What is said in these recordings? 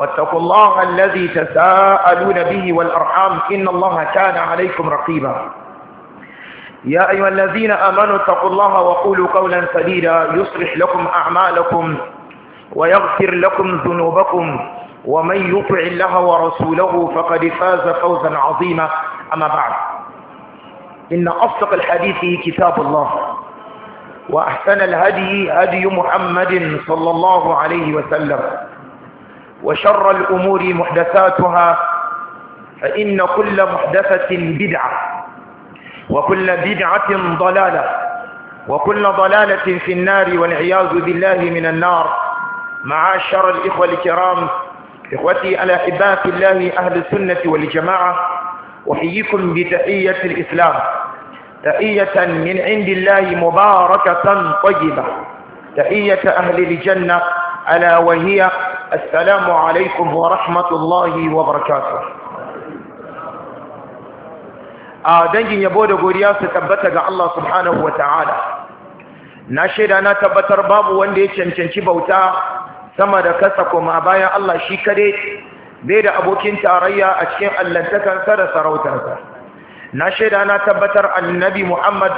واتقوا الله الذي تساءلون به والأرحام إن الله كان عليكم رقيبا يا أيها الذين آمنوا اتقوا الله وقولوا قولا سديدا يصلح لكم أعمالكم ويغفر لكم ذنوبكم ومن يطع الله ورسوله فقد فاز فوزا عظيما أما بعد إن أصدق الحديث كتاب الله وأحسن الهدي هدي محمد صلى الله عليه وسلم وشر الأمور محدثاتها فإن كل محدثة بدعة وكل بدعة ضلالة وكل ضلالة في النار والعياذ بالله من النار معاشر الإخوة الكرام إخوتي على حباة الله أهل السنة والجماعة أحييكم بتحية الإسلام تحية من عند الله مباركة طيبة تحية أهل الجنة ألا وهي السلام عليكم ورحمة الله وبركاته دنجي يبود قريا ستبتك الله سبحانه وتعالى ناشد أنا تبتر باب واندي cancanci bauta sama da kasa koma bayan Allah shi kade bai da abokin tarayya a cikin allantakansa da sarautarsa na shaida na tabbatar annabi Muhammad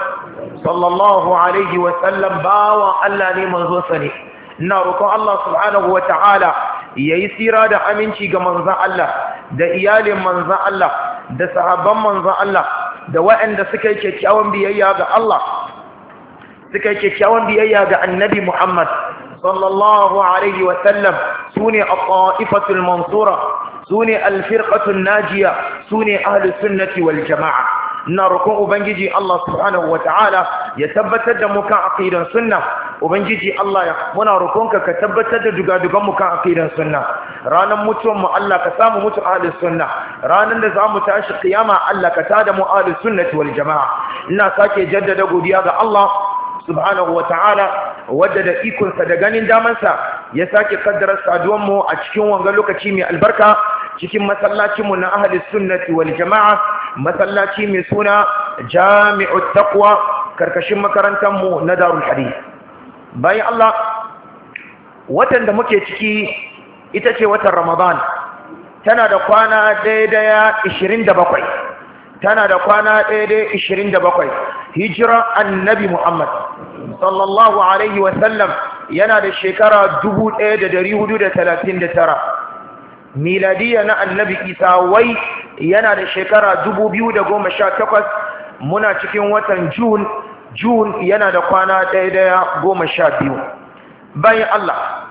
sallallahu alaihi wasallam bawan Allah ne manzo ne ina roƙon Allah subhanahu wata'ala yayi tsira da aminci ga manzan Allah da iyalin manzan Allah da sahabban manzan Allah da waɗanda suka yi kyakkyawan biyayya ga Allah suka yi kyakkyawan biyayya ga Annabi Muhammad sallallahu alaihi wa sallam sune al-qa'ifatul mansura sune al najiya sune ahli sunnati wal jama'a ina rukun ubangiji Allah subhanahu ta'ala ya tabbatar da mu kan aqidan sunna ubangiji Allah ya muna rukunka ka tabbatar da dugadugan mu kan aqidan sunna ranan mutuwan mu Allah ka samu mutu ahlus sunna ranan da zamu tashi kiyama Allah ka tada mu ahlus sunnati wal jamaa ina sake jaddada godiya ga Allah subhanahu ta'ala wadda da ikonsa da ganin damansa ya sake kaddara saduwanmu a cikin wanga lokaci mai albarka cikin masallacinmu na ahli sunnati wal jama'a masallaci mai suna jami'ut taqwa karkashin makarantar mu na darul hadith bayan Allah watan da muke ciki ita ce watan Ramadan tana da kwana daidai 27 tana da kwana daidai 27 hijira annabi Muhammad sallallahu alaihi wasallam yana da shekara 1439 miladiya na annabi isa wai yana da shekara takwas, muna cikin watan jun jun yana da kwana ɗaya goma sha biyu. bayan Allah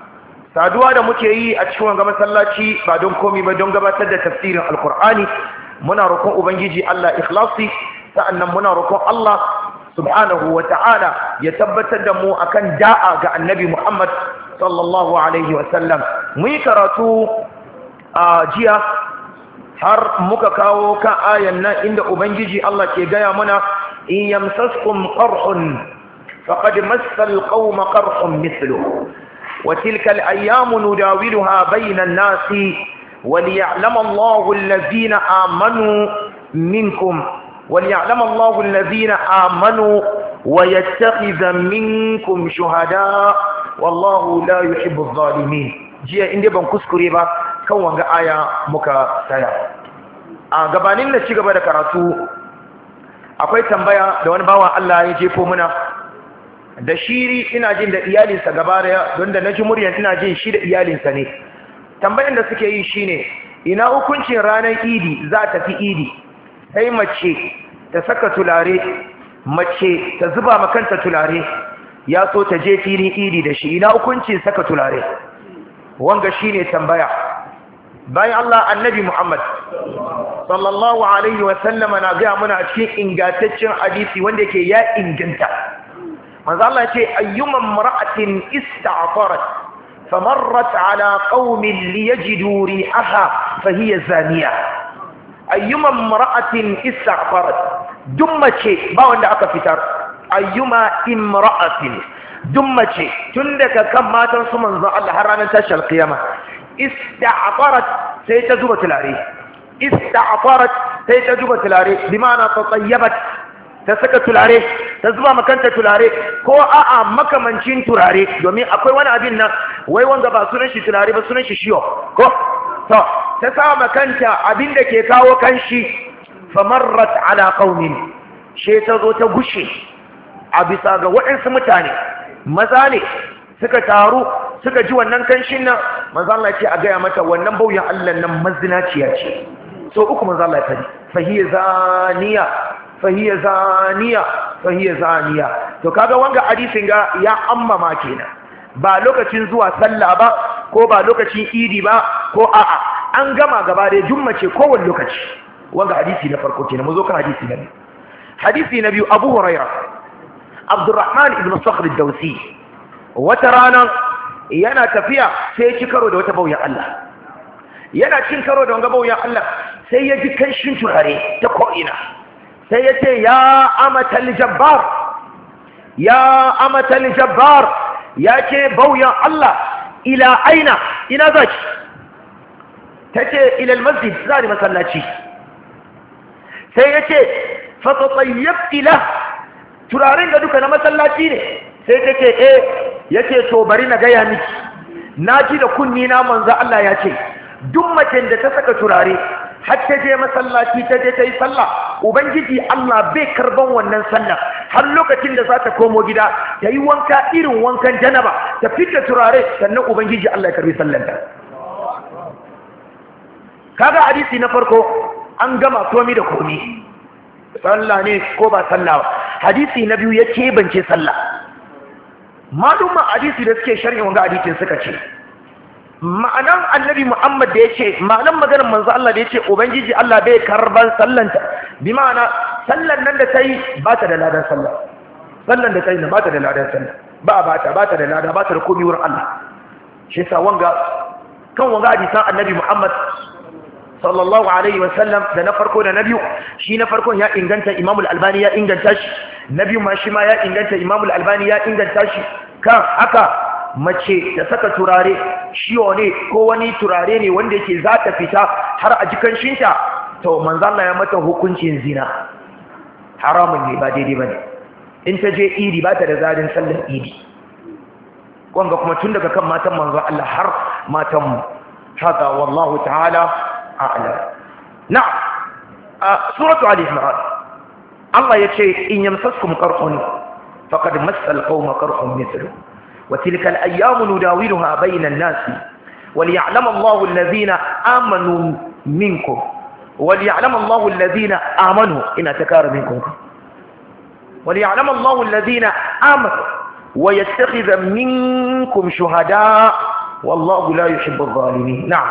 saduwa da muke yi a cikin wanga masallaci ba don komi ba don gabatar da tafsirin alkur'ani muna roƙon ubangiji Allah ikhlasi sa'annan muna roƙon Allah subhanahu wa ta'ala ya tabbatar da mu akan da'a ga annabi Muhammad sallallahu alaihi wa sallam mu yi karatu a jiya har muka kawo ka ayan nan inda ubangiji Allah ke gaya mana in yamsaskum qarhun faqad massa alqawma qarhun mithlu wa tilka alayamu nudawiluha bayna an-nasi amanu minkum wa liya'lam Allahu alladhina amanu wa yattakhidha minkum shuhada wallahu la yuhibbu adh-dhalimin jiya inda ban kuskure ba kan wanga aya muka tsaya a gabanin da ci gaba da karatu akwai tambaya da wani bawa Allah ya jefo muna da shiri ina jin da iyalinsa gaba daya don da na ji muryan ina jin shi da iyalinsa ne tambayan da suke yi shine ina hukuncin ranar idi za ta fi idi sai mace ta saka tulare mace ta zuba kanta tulare ya so ta je filin idi da shi ina hukuncin saka tulare wanga shine tambaya bayan Allah annabi Muhammad sallallahu alaihi wa sallama na gaya muna cikin ingantaccen hadisi wanda yake ya inganta manzo Allah yace ayyuman mar'atin ista'farat famarrat ala qaumin liyajidu rihaha fahiya zaniya ayyuman mar'atin ista'farat duk mace ba wanda aka fitar ayyuma imra'atin duk mace tun daga kan matan su manzo Allah har ranar tashal qiyama ista'farat sai ta zuba tulare ista'farat sai ta zuba tulare limana ta tsayyabat ta saka tulare ta zuba makanta tulare ko a'a makamancin turare domin akwai wani abin nan wai wanda ba sunan shi tulare ba sunan shi shiyo ko to ta sa makanta abin da ke kawo kanshi famarrat ala qaumin she ta zo ta gushe a bisa ga waɗansu mutane maza ne suka taru suka ji wannan kanshin nan manzo Allah ce a gaya mata wannan bauyan Allah nan mazinaciya ce so uku manzo Allah ya fadi fahiya zaniya fahiya zaniya fahiya zaniya to kaga wanga hadisin ga ya Amma ma kenan ba lokacin zuwa sallah ba ko ba lokacin idi ba ko a'a an gama gaba da ce kowane lokaci wanga hadisi na farko kenan mu zo kan hadisi na biyu hadisi na biyu Abu Hurairah Abdurrahman ibn Sakhr ad-Dawsi wata rana yana tafiya sai ya ci karo da wata bauyan Allah yana cin karo da wanga bauyan Allah sai ya ji kanshin turare ta ko'ina sai ya ce ya amatal jabbar ya amatal jabbar ya ce bauyan Allah ila aina ina za ki? ta ce ilal masjid za ni masallaci sai ya ce fasatsayyar ila turaren ga duka na masallaci ne sai ta ce eh yace to bari na gaya miki na da kunni na manzo Allah ya ce duk macen da ta saka turare har ta je masallaci ta je ta yi sallah ubangiji Allah bai karban wannan sallah har lokacin da za ta komo gida ta yi wanka irin wankan janaba ta fita turare sannan ubangiji Allah ya karbi sallanta kaga hadisi na farko an gama komi da komi sallah ne ko ba sallah hadisi na biyu ya ce bance sallah ma hadisi da suke sharhin wanga hadisin suka ce ma'anan annabi muhammad da ya ce ma'anan maganar manzo Allah da ya ce ubangiji Allah bai karban sallanta bi ma'ana sallan nan da ta yi ba ta da ladan sallah sallan da ta yi ba ta da ladan sallah ba ba ta ba ta da lada ba ta da komi wurin Allah shi sa wanga kan wanga hadisan annabi muhammad sallallahu alaihi wasallam da na farko da na biyu shi na farkon ya inganta Imam al-Albani ya inganta shi na biyu ma shi ma ya inganta Imam al-Albani ya inganta shi kan haka mace da saka turare shiwo ne ko wani turare ne wanda yake za ta fita har a jikan shinta to manzalla ya mata hukuncin zina haramun ne ba daidai ba ne in ta je iri ba ta da zarin sallar iri wanga kuma tun daga kan matan manzo Allah har matan mu haka wallahu ta'ala أعلى نعم آه، سورة علي عمران الله يكشي إن يمسسكم قرح فقد مس القوم قرح مثله وتلك الأيام نداولها بين الناس وليعلم الله الذين آمنوا منكم وليعلم الله الذين آمنوا إن أتكار منكم وليعلم الله الذين آمنوا ويتخذ منكم شهداء والله لا يحب الظالمين نعم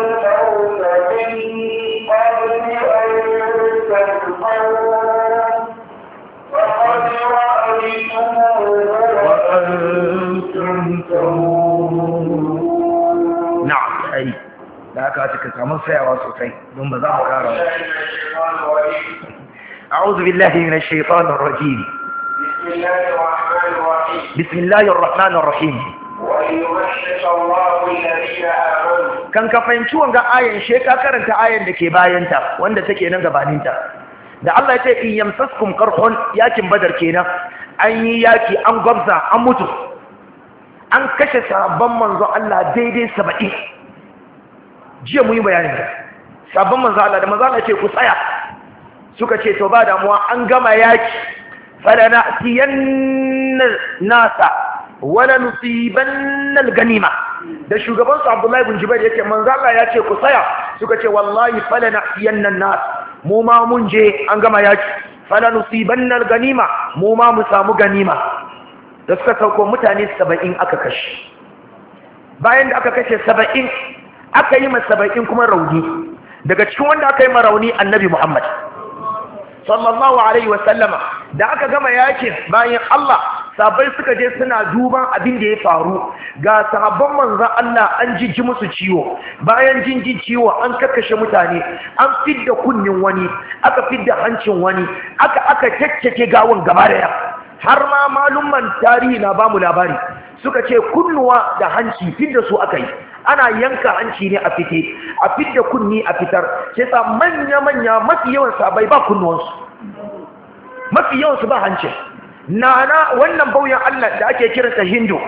da aka cika kamar sayawa sosai don ba za mu kara wa. A'udhu billahi minash shaitanir rajim. Bismillahir rahmanir rahim. Kan ka fahimci ka karanta ayan da ke bayanta wanda take nan gabanin Da Allah ya ce in yamsaskum qarhun yakin badar kenan. An yi yaki an gwamza an mutu. An kashe sabon manzo Allah daidai 70. jiya mu yi bayanin da sabon manzo Allah da manzo Allah ce ku tsaya suka ce to ba damuwa an gama yaki falana siyan nasa wala nusibanna ganima da shugaban su Abdullahi bin Jubair yake manzo Allah ya ce ku tsaya suka ce wallahi falana nan nasa mu ma mun je an gama yaki fala nusibanna ganima mu ma mu samu ganima da suka sauko mutane 70 aka kashe bayan da aka kashe 70 aka yi masa kuma rauni daga cikin wanda aka yi ma rauni annabi Muhammad sallallahu alaihi wa sallama da aka gama yakin bayan Allah sabai suka je suna duban abin da ya faru ga sahabban manzan Allah an jinji musu ciwo bayan jinji ciwo an kakkashe mutane an fidda kunnin wani aka fidda hancin wani aka aka caccake gawon gaba daya har ma malumman tarihi na bamu labari suka ce kunnuwa da hanci fidda su aka yi ana yanka hanci ne a fite a fidda kunni a fitar sai sa manya-manya mafi yawan sabai ba kunnuwansu mafi yawan su ba hanci nana wannan bauyan Allah da ake kiransa hindu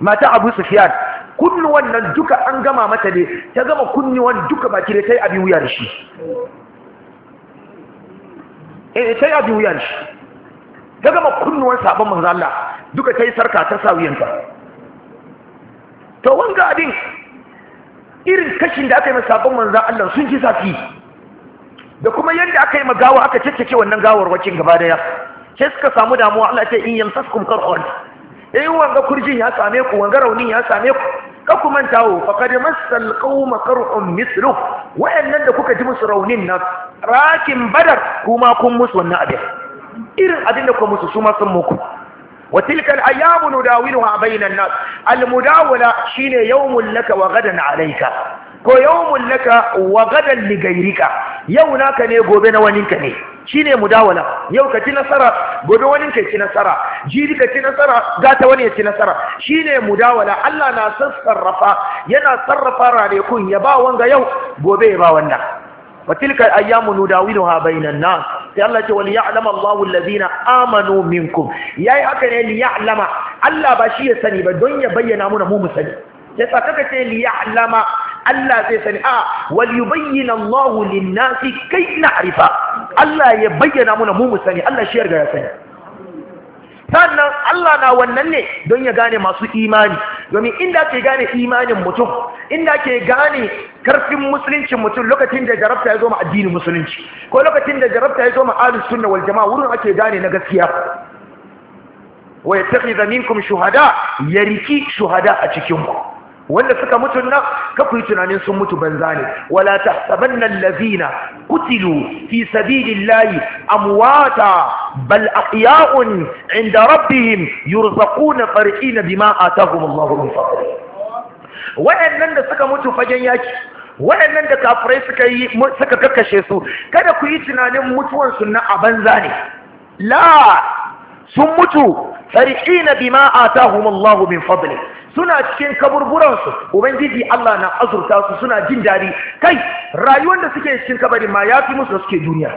mata abu sufiyan kunnuwan nan duka an gama mata ne ta gama kunnuwan duka ba kire ta yi abin wuya da shi eh ta yi abin wuya da shi ta gama kunnuwan sabon manzo Allah duka ta yi sarka ta sa wuyanta to wanga abin irin kashin da aka yi masabon manzan Allah sun ji zafi da kuma yadda aka yi magawa aka cece wannan gawar wacin gaba daya sai suka samu damuwa Allah sai in yamsaskum karhon eh wanga kurjin ya same ku wanga raunin ya same ku ka ku manta wo faqad massal qauma mithlu wa wayannan da kuka ji musu raunin nan rakin badar kuma kun musu wannan abin irin abin da ku musu su ma san muku وتلك الأيام نداولها بين الناس المداولة شين يوم لك وغدا عليك ko yawmun laka wa gadan li gairika yau ne gobe na waninka ne shine mudawala yau ka ci nasara gobe waninka ya ci nasara jiri ka ci nasara gata wani ya ci nasara shine mudawala Allah na sarrafa yana sarrafa ranakun ya ba wanga yau gobe ya ba ayyamu nudawiluha a nas sai Allah ce wali ya'lama Allahu allazina amanu minkum yayi haka ne li Allah ba shi ya sani ba don ya bayyana muna mu sani ya tsakaka ce li Allah zai sani a wal yubayyana Allahu lin-nasi kai na'rifa Allah ya bayyana muna mu sani Allah shi ya ya sani sannan Allah na wannan ne don ya gane masu imani domin inda ke gane imanin mutum inda ke gane karfin musuluncin mutum lokacin da jarabta ya zo ma addinin musulunci ko lokacin da jarabta ya zo ma ahlus sunna wal jama'a wurin ake gane na gaskiya wa yattakhidha minkum shuhada yariki shuhada a cikin ku wanda suka mutu nan ka ku yi tunanin sun mutu banza ne wala ta, tahsabanna allazina kutilu fi sabilillahi amwata bal ahya'un inda rabbihim yurzaquna farqina bima atahum Allahu min fadli waɗannan da suka mutu fagen yaki waɗannan da kafirai suka kakashe su kada ku yi tunanin mutuwan su na a banza ne la sun mutu farqina bima atahum Allahu min fadli suna cikin kaburburansu ubangiji Allah na azurta su suna jin daɗi kai rayuwar da suke cikin kabarin ma ya fi musu da suke duniya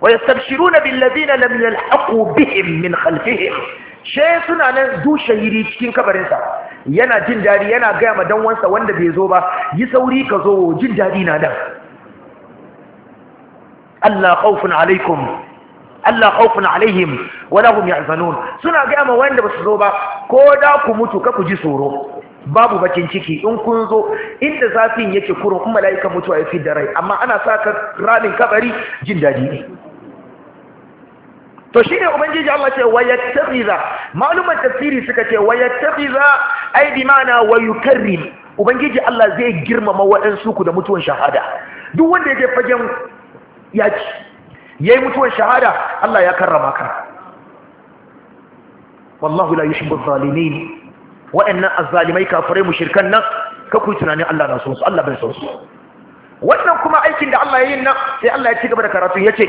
wa yastabshiruna bil ladina lam yalhaqu bihim min khalfihim she suna nan dushe yiri cikin kabarinsa yana jin daɗi yana gaya ma danwansa wanda bai zo ba yi sauri ka zo jin daɗi na dan Allah khawfun alaikum Allah khawfun alaihim wala hum suna ga ma wanda basu zo ba ko da ku mutu ka ku ji tsoro babu bakin ciki in kun zo inda zafin yake kurun kuma mala'ika mutuwa ya fi da rai amma ana sa ka ramin kabari jin daɗi ne to shine ubangiji Allah ce wayattaqiza maluman tafsiri suka ce wayattaqiza ai bi ma'ana wayukarrim ubangiji Allah zai girmama waɗansu ku da mutuwan shahada duk wanda yake fagen yaki yayi mutuwar shahada Allah ya karrama ka wallahu la yuhibbu adh-dhalimin wa'annan azzalimai kafirai mushrikan nan ka ku tunanin Allah na son su Allah bai son su wannan kuma aikin da Allah ya yi nan sai Allah ya ci gaba da karatu yace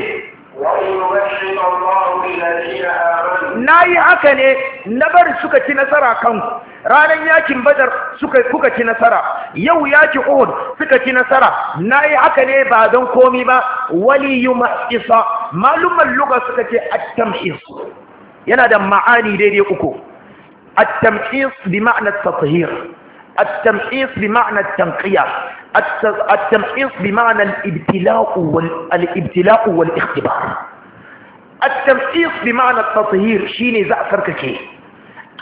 wa Allahu na yi haka ne na bar suka ci nasara kanku ranar yakin badar suka kuka ci nasara yau yakin uhud suka ci nasara na yi haka ne ba don komi ba waliyu ma'isa malumman luga suka ce at-tamhis yana da ma'ani daidai uku at-tamhis bi ma'na at-tathhir التمحيص بمعنى التنقية التمحيص بمعنى الابتلاء والابتلاء والاختبار التمحيص بمعنى التطهير شيني زع فرككي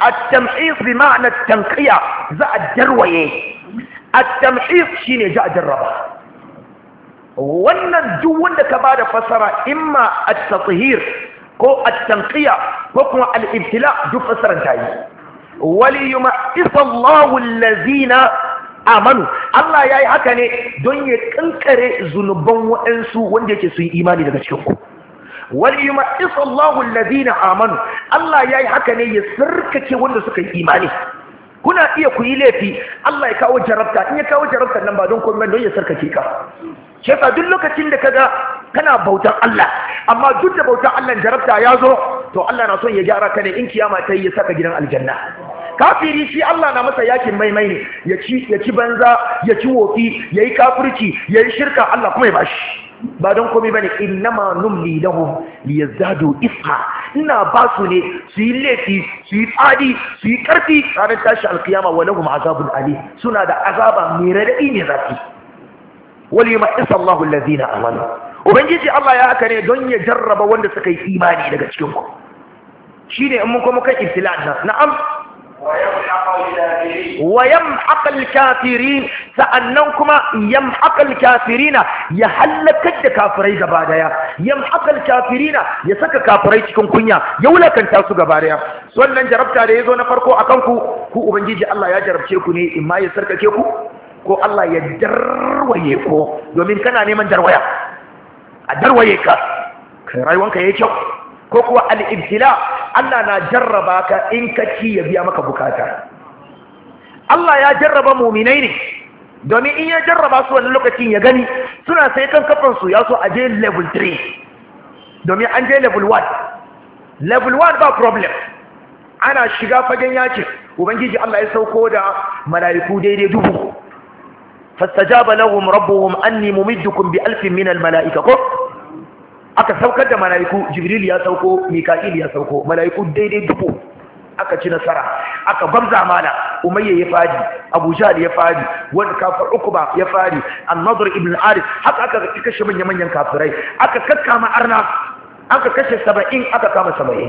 التمحيص بمعنى التنقية زع الدروية التمحيص شيني زع الربا wannan duk wanda ka ba da fasara imma at-tathhir ko at-tanqiya ko kuma al-ibtila duk fasaran ta yi wali yuma'isa Allahu allazina amanu Allah yayi haka ne don ya kankare zunuban waɗansu wanda yake sun imani daga cikin ku wal yumaqqis Allahu alladhina amanu Allah yayi haka ne ya sirkake wanda suka yi imani kuna iya kuyi laifi Allah ya kawo jarabta in ya kawo jarabta nan ba don komai don ya sarkake ka shi duk lokacin da ka ga kana bautar Allah amma duk da bautar Allah jarabta ya zo to Allah na son ya gyara ka ne in kiyama ta yi ya saka gidan aljanna kafiri shi Allah na masa yakin maimai ne ya ci ya ci banza ya ci wofi yayi kafirci yayi shirka Allah kuma ya bashi ba don komi bane innama numli lahum liyazdadu isha ina ba su ne su yi laifi su yi tsadi su yi karfi ranar tashi alkiyama wa lahum azabun ali suna da azaba mai radadi ne zafi wal yumahisa Allahu allazina amanu ubangiji Allah ya haka ne don ya jarraba wanda suka yi imani daga cikin ku ne in mun kuma kan ibtila'an na na'am wa yamhaq al-kafirin sa'annan kuma yam al-kafirina ya hallakar da kafirai gaba daya yam al-kafirina ya saka kafirai cikin kunya ya wulakanta su gaba daya wannan jarabta da ya zo na farko a kanku ku ubangiji Allah ya jarabce ku ne imma ya sarkake ku ko Allah ya darwaye ku domin kana neman darwaya a darwaye ka kai rayuwanka yi kyau ko kuwa al'ibtila Allah na jarraba ka in ka ci ya biya maka bukata Allah ya jarraba muminai ne domin in ya jarraba su wani lokacin ya gani suna sai kan kafansu ya so a je level 3 domin an je level 1 level 1 ba problem ana shiga fagen yakin ubangiji Allah ya sauko da mala'iku daidai dubu fastajaba lahum rabbuhum anni mumiddukum bi alfin minal mala'ika ko aka saukar da mala'iku jibril ya sauko mika'il ya sauko mala'iku daidai dubu aka ci nasara aka babza mala umayya ya fadi abu jahl ya fadi wani kafar ukuba ya fadi an-nadr ibn arif haka aka kashe manyan manyan kafirai aka kakkama arna aka kashe 70 aka kama 70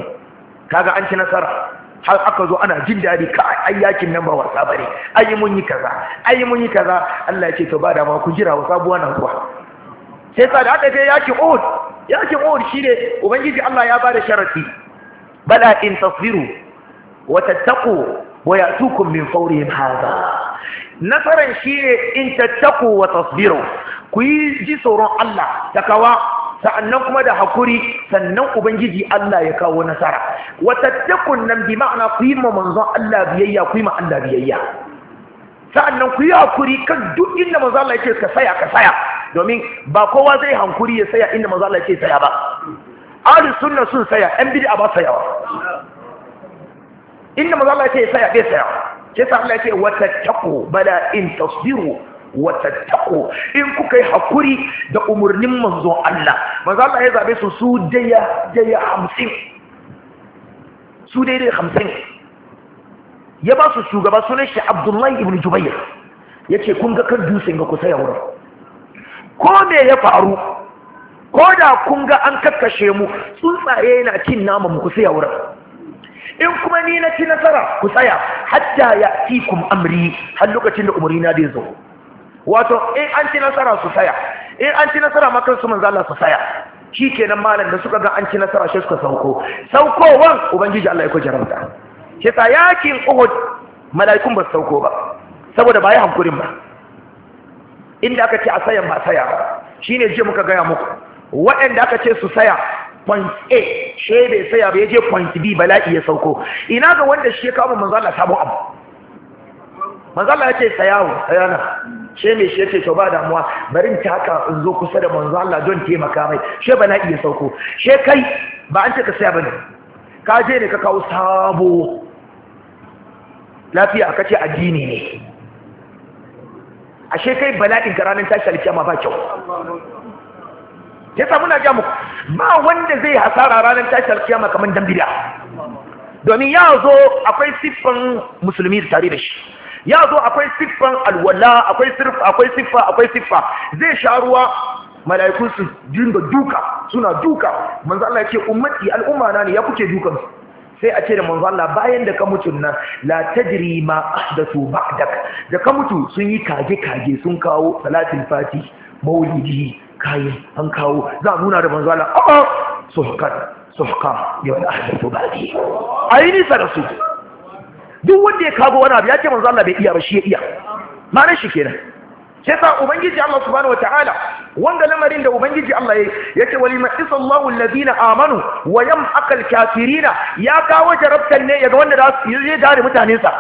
kaga an ci nasara har aka zo ana jin dadi ka ai yakin nan ba wasa bane ai mun yi kaza ai mun yi kaza Allah ya ce to ba da ma ku jira wasa buwa nan kuwa sai sa da aka je yakin Uhud yakin uhud shi ne ubangiji Allah ya bada sharafi. bala in tasbiru wata taku, wa tukun min fawrihim haza. nasaran shi ne in taku wa tasbiru ku yi ji tsoron Allah takawa sa'annan kuma da hakuri sannan ubangiji Allah ya kawo nasara Wata takun nan bi ma'ana ku yi ma manzon Allah biyayya ku yi ma Allah biyayya sa'annan ku yi hakuri kan duk inda manzon Allah yake ka saya ka saya domin ba kowa zai hankuri ya saya inda manzo Allah ya saya ba ahli sunna sun saya an a ba sayawa inda manzo Allah ya saya bai saya ke sa Allah ke wata watattaqu bala in tasbiru watattaqu in kuka yi hakuri da umurnin manzo Allah manzo Allah ya zabe su su daya daya 50 su dai dai 50 ya ba su shugaba sunan shi abdullahi ibn jubayr ya ce kun ga kan dutsen ga kusa ya wurin ko me ya faru ko da kun ga an kakkashe mu tsuntsaye na cin nama mu ku tsaya wurin in kuma ni na ci nasara ku tsaya hatta ya kum amri har lokacin da umarni na da zo wato in an ci nasara su tsaya in an ci nasara ma kansu manzo Allah su tsaya shikenan malam da suka ga an ci nasara shi suka sauko saukowan ubangiji Allah ya ko jarabta shi yakin Uhud mala'ikun ba su sauko ba saboda ba hankurin ba inda aka ce a sayan ba saya ba shine je muka gaya muku waɗanda aka ce su saya point A shi bai saya ba je point B bala'i ya sauko ina ga wanda shi ya kama manzala sabon abu Manzala ya ce sayawo sayana shi mai shi ya ce to ba damuwa bari ta haka in zo kusa da manzala don taimaka mai shi bala'i ya sauko shi kai ba an ce ka saya ba ne. ka je ne ka kawo sabo lafiya ka ce addini ne ashe kai bala'in ka ranar tashi alkiyama ba kyau ya samu na jamu ba wanda zai hasara ranar tashi alkiyama kamar dambida domin ya zo akwai siffan musulmi da tare da shi ya zo akwai siffan alwala akwai siffa akwai siffa akwai siffa zai sha ruwa malaikunsu su dinga duka suna duka manzo Allah yake ummati al'umma na ne ya kuke dukansu sai a ce da manzo Allah bayan da ka mutu nan la tajri ma ahdathu ba'dak da ka mutu sun yi kage kage sun kawo salatin fati maulidi kayan an kawo za a nuna da manzo Allah a'a suhka suhka ya wa ahdathu ba'di aini sarasu duk wanda ya kago wani abu ya ce manzo Allah bai iya ba shi ya iya Ma ran shi kenan yasa ubangiji Allah subhanahu wataala wanda lamarin da ubangiji Allah yayi yake wali maqisa alladhina amanu wa yamhaqal kafirina ya kawo jarabtan ne yaga wanda da dare mutane sa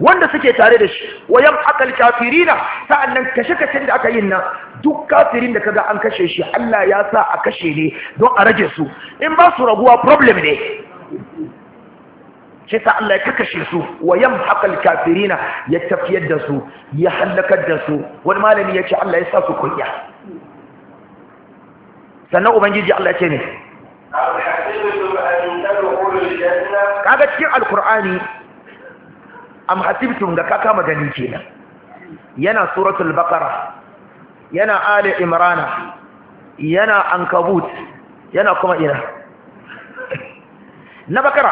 wanda suke tare da shi wa yamhaqal kafirina sa'annan kashe-kashen da aka yin nan duk kafirin da kaga an kashe shi Allah ya sa a kashe ne don a rage su in ba su raguwa problem ne shi ta Allah ya kakashe su wa yamhaqal kafirina ya tafiyar da su ya halakar da su wani malami ya ce Allah ya sa su kunya sannan ubangiji Allah ce ne kaga cikin alkur'ani am hasibtum ga kaka magani kenan yana suratul baqara yana ali imrana yana ankabut yana kuma ina na bakara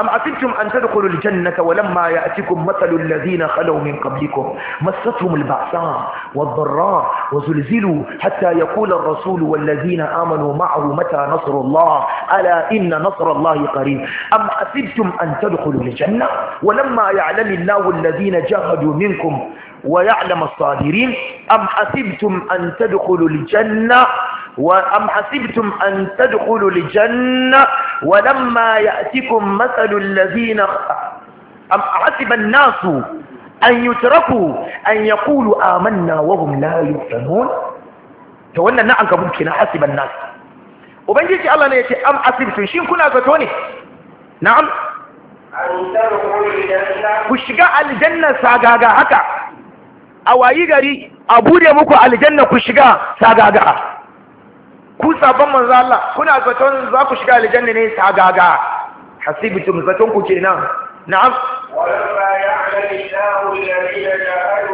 أم حسبتم أن تدخلوا الجنة ولما يأتكم مثل الذين خلوا من قبلكم مستهم البعثاء والضراء وزلزلوا حتى يقول الرسول والذين آمنوا معه متى نصر الله ألا إن نصر الله قريب أم حسبتم أن تدخلوا الجنة ولما يعلم الله الذين جاهدوا منكم ويعلم الصادرين أم حسبتم أن تدخلوا الجنة وأم حسبتم أن تدخلوا الجنة ولما يأتكم مثل الذين حسب الناس أن يتركوا أن يقولوا آمنا وهم لا يفتنون تولى نعم كبير حسب الناس وبنجيش الله نيتي أم حسب شين كنا كتوني نعم كشقاء الجنة ساقاقا sagaga أو أي غري أبوري a الجنة كشقاء ساقاقا ku sabon manzo Allah kuna zaton za ku shiga aljanna ne sagaga hasibtum zaton ku kenan na'am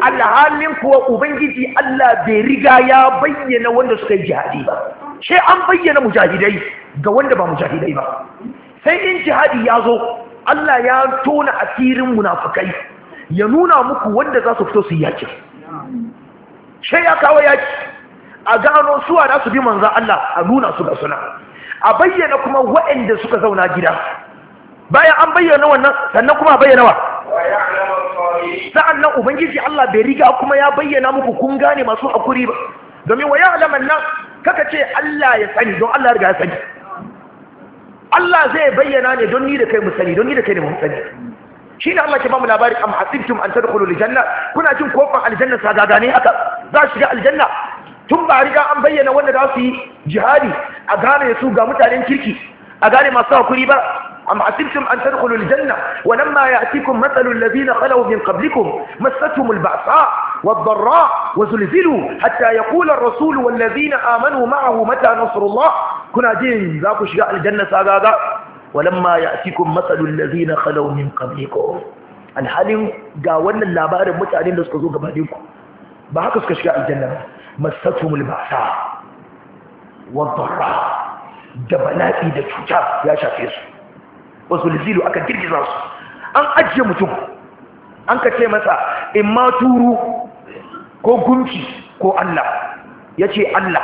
Allah halin kuwa ubangiji Allah bai riga ya bayyana wanda suka yi jihadi ba sai an bayyana mujahidai ga wanda ba mujahidai ba sai in jihadi ya zo Allah ya tona asirin munafukai ya nuna muku wanda za su fito su yaki sai ya kawo yaki a gano suwa da su bi manzan Allah a nuna su ga suna a bayyana kuma waɗanda suka zauna gida bayan an bayyana wannan sannan kuma bayyana wa sa'an nan ubangiji Allah bai riga kuma ya bayyana muku kun gane masu hakuri ba domin wa ya'laman nan kaka ce Allah ya sani don Allah riga ya sani Allah zai bayyana ne don ni da kai mu sani don ni da kai ne mu sani shi ne Allah ke ba mu labari am hasibtum an tadkhulu aljanna kuna cin kofar aljanna sa gagane haka za shiga aljanna tun ba riga an bayyana wanda za su yi jihadi a gane su ga mutanen kirki a gane masu hakuri ba a ma'asibtun an tarkulul janna wa nan ma ya ake kun matsalul lafi na kalau min kablikun masatu mulbasa wa barra wa hatta ya kula rasulu wallazi na amanu ma'ahu mata nasarullah kuna jin za ku shiga aljanna sagaga wa nan ya ake kun matsalul lafi na kalau min kablikun alhalin ga wannan labarin mutanen da suka zo gabanin ku ba haka suka shiga aljanna ba masatuhum al-ba'sa wadh da bala'i da cuta ya shafe su wasu lizilu aka girgiza su an ajiye mutum an ka ce masa in ma turu ko gunki ko Allah ya ce Allah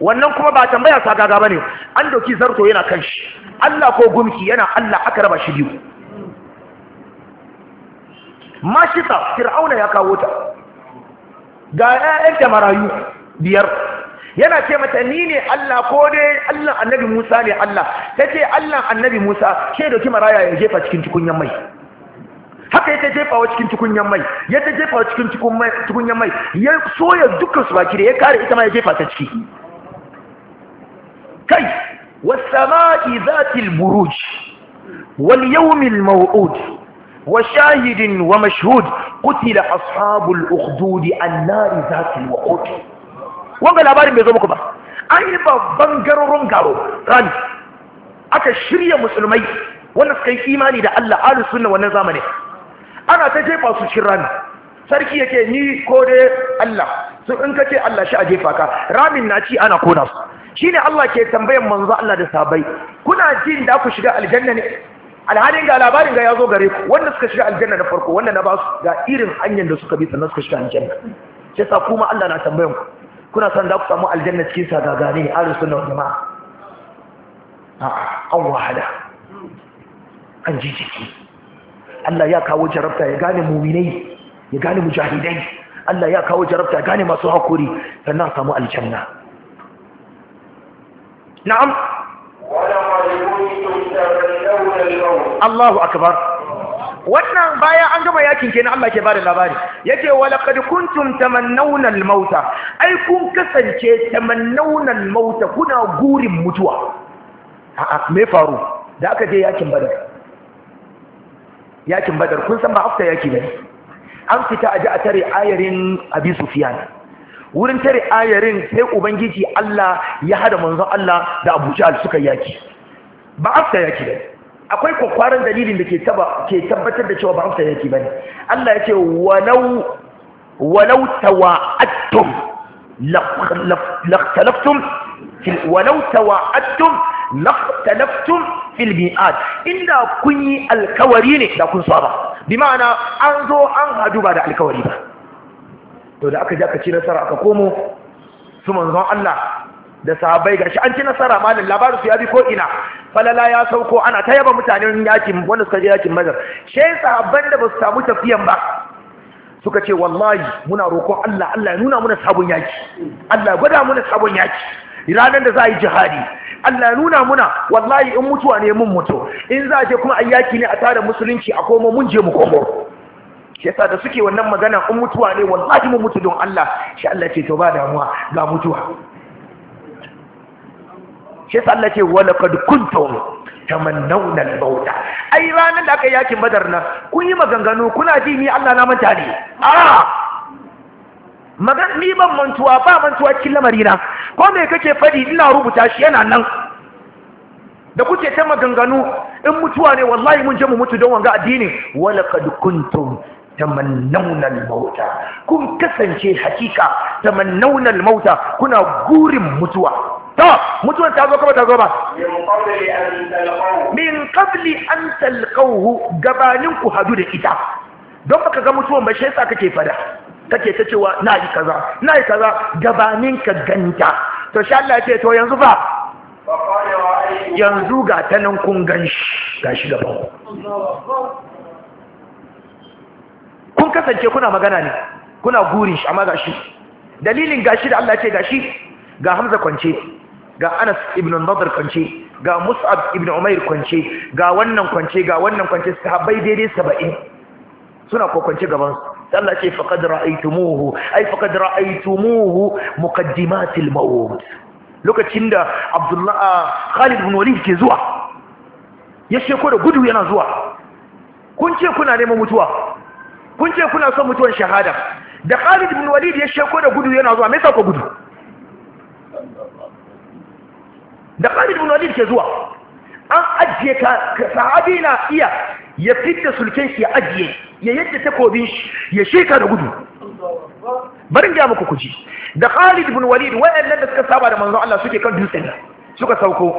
wannan kuma ba tambaya sa gaga ba ne an dauki zarto yana kan shi Allah ko gunki yana Allah aka raba shi biyu mashita fir'auna ya kawo ta ga 'ya'yanta marayu biyar yana ce mata ni ne Allah ko dai Allah annabi Musa ne Allah tace Allah annabi Musa ke da ki maraya ya jefa cikin tukunyan mai haka yake ta jefawa cikin tukunyan mai ya ta jefawa cikin tukunyan mai ya soya dukkan su baki da ya kare ita ma ya jefa ta ciki kai wasama'i zatil buruj wal yawmil maw'ud wa shahidin wa mashhud Kuti da ashabul ukhdud annari zatil waqut wanga labarin bai zo muku ba an yi babban garurin garo rani aka shirya musulmai wanda suka yi imani da Allah ahlus sunna wannan zamani ana ta jefa su cikin rami sarki yake ni ko dai Allah su in kace Allah shi a jefa ka ramin na ci ana kona su shine Allah ke tambayan manzo Allah da sabai kuna jin da ku shiga aljanna ne alhalin ga labarin ga ya zo gare ku wanda suka shiga aljanna na farko wanda na ba su ga irin hanyar da suka bi sannan suka shiga aljanna shi yasa kuma Allah na tambayan ku kuna san za ku samu aljanna cikin sa ga gane ne ahlus sunna jamaa an wahala an jijiki. Allah ya kawo jarabta ya gane mu'minai ya gane mujahidai Allah ya kawo jarabta ya gane masu hakuri sannan samu aljanna na'am Allahu akbar wannan baya an gama yakin kenan Allah ke bada labari yace wa laqad kuntum tamannawna al-mauta ai kun kasance tamannawna al-mauta kuna gurin mutuwa a'a me faru da aka je yakin badar yakin badar kun san ba afta yaki ne an fita aje a tare ayarin abi sufyan wurin tare ayarin sai ubangiji Allah ya hada manzon Allah da Abu Jahl suka yaki ba afta yaki ne akwai kwakwaran dalilin da ke tabbatar da cewa ba amsa yake ne. Allah ya ce walau walau tawa'attum lakhtalaftum walau tawa'attum inda kun yi alkawari ne da kun saba bi ma'ana an zo an hadu ba da alkawari ba to da aka ji aka ci nasara aka komo su manzon Allah da sahabbai gashi an ci nasara malam labarin su ya bi ko ina falala ya sauko ana ta yaba mutanen yakin wanda suka je yakin badar sai sahabban da ba su samu tafiyan ba suka ce wallahi muna roƙon Allah Allah ya nuna muna sabon yaki Allah ya gwada muna sabon yaki ranar da za a yi jihadi Allah ya nuna muna wallahi in mutuwa ne mun mutu in za a je kuma ayyaki ne a tare musulunci a komo mun je mu komo shi yasa da suke wannan magana in mutuwa ne wallahi mun mutu don Allah shi Allah ce to ba damuwa ga mutuwa shi yasa Allah ce wa laqad kuntum tamannawna al-mauta ai ranar da aka yakin badar nan kun yi maganganu kuna ji ni Allah na manta ne a magan ni ban mantuwa ba mantuwa cikin lamari na ko me kake fadi ina rubuta shi yana nan da kuke ta maganganu in mutuwa ne wallahi mun je mu mutu don wanga addini wala laqad kuntum tamannawna al-mauta kun kasance hakika tamannawna al-mauta kuna gurin mutuwa to mutum ta zo kuma ta zo ba min qabli an talqahu gabanin ku hadu da ita don baka ga mutum ba shesa kake fada kake ta cewa na yi kaza na yi kaza gabanin ka ganta to sha Allah ce to yanzu fa yanzu ga ta nan kun ganshi gashi gaban kun kasance kuna magana ne kuna gurin shi amma gashi dalilin gashi da Allah ce gashi ga Hamza kwance ga Anas ibn Nadr kwance ga Mus'ab ibn Umair kwance ga wannan kwance ga wannan kwance sahabbai daidai 70 suna ko kwance gaban su Allah ce faqad ra'aytumuhu ay faqad ra'aytumuhu muqaddimatil maut lokacin da Abdullah ah, Khalid ibn Walid ke zuwa ya sheko da gudu yana zuwa kun ce kuna neman mutuwa kun ce kuna son mutuwan shahada da Khalid ibn Walid ya sheko da gudu yana zuwa me yasa ku gudu da Khalid ibn Walid ke zuwa an ajiye ka sahabi na iya ya fitta sulken shi ya ajiye ya yadda takobin shi ya sheka da gudu barin ga muku kuji da Khalid ibn Walid wayannan da suka saba da manzon Allah suke kan dutsen suka sauko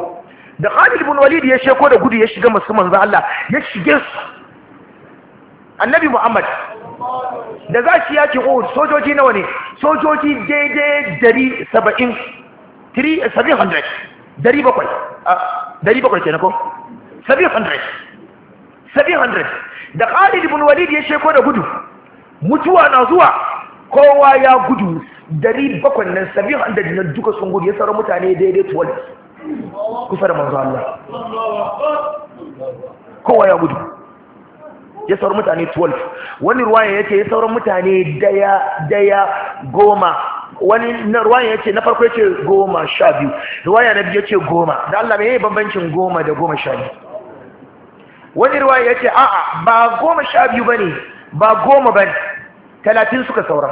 da Khalid ibn Walid ya sheko da gudu ya shiga masu manzon Allah ya shige su annabi Muhammad da za shi ya yaki Uhud sojoji nawa ne sojoji daidai 170 300 dari bakwai ah, dari bakwai ke na ko 700 700 da khalid ibn walid ya sheko da gudu mutuwa na zuwa kowa ya gudu dari bakwai nan 700 na duka sun gudu ya sauran mutane daidai 12 kusa da manzo Allah kowa ya gudu ya sauran mutane 12 wani ruwa ya ce ya sauran mutane daya daya goma wani na ya ce na farko ya ce goma sha biyu ya na biyu ya ce goma da Allah yi bambancin goma da goma sha biyu wani ya ce a'a ba goma sha biyu ba ne ba goma ba ne, talatin suka saura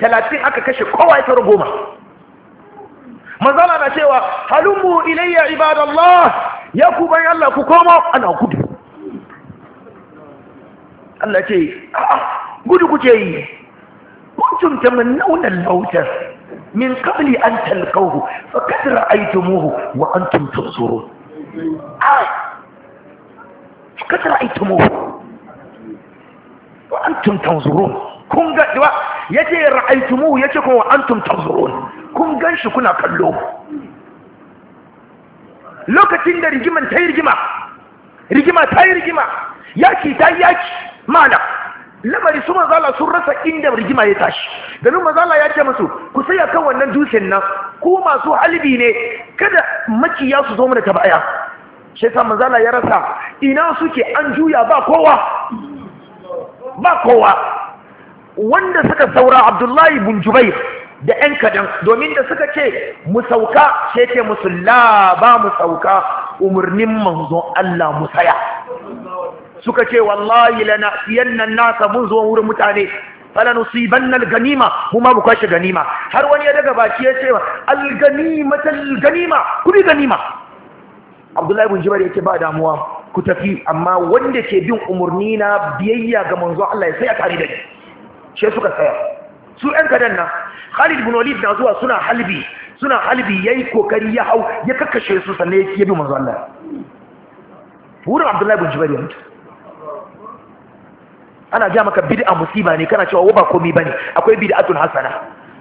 talatin aka kashe kowa ya saura goma Mazala na cewa halummu ilayya ibadallah ya ku bayan Allah ku koma ana gudu Allah ce gudu kuke yi kuntum min al-mauta min qabli an fa faqad ra'aytumuhu wa antum tunzurun ay faqad ra'aytumuhu wa antum tunzurun kun ga yace ra'aytumuhu yace ko wa antum tunzurun kun ganshi kuna kallo lokacin da rigiman ta yi rigima rigima ta yi rigima yaki ta yi yaki mana lamari su mazala sun rasa inda rigima ya tashi domin mazala ya ce masu ku saya kan wannan dutsen nan ku masu halibi ne kada makiya su zo mana ta baya shi sa mazala ya rasa ina suke an juya ba kowa ba kowa wanda suka saura abdullahi bin jubair da ‘yan kadan domin da suka ce mu sauka ce musulla ba mu sauka umarnin manzon Allah mu musaya suka ce wallahi lanasiyanna nasa mun zo wurin mutane fala nusibanna alganima kuma bu kwashi ganima har wani ya daga baki ya ce alganima alganima kudi ganima Abdullahi bin Jubair yake ba damuwa ku tafi amma wanda ke bin umurni na biyayya ga manzo Allah ya a tare da ni shi suka tsaya su ɗan kadan nan Khalid bin Walid na zuwa suna halbi suna halbi yayi kokari ya hau ya kakkashe su sannan ya bi manzo Allah wurin Abdullahi bin Jubair ya mutu ana ja maka bid'a musiba ne kana cewa ba komai bane akwai bid'atul hasana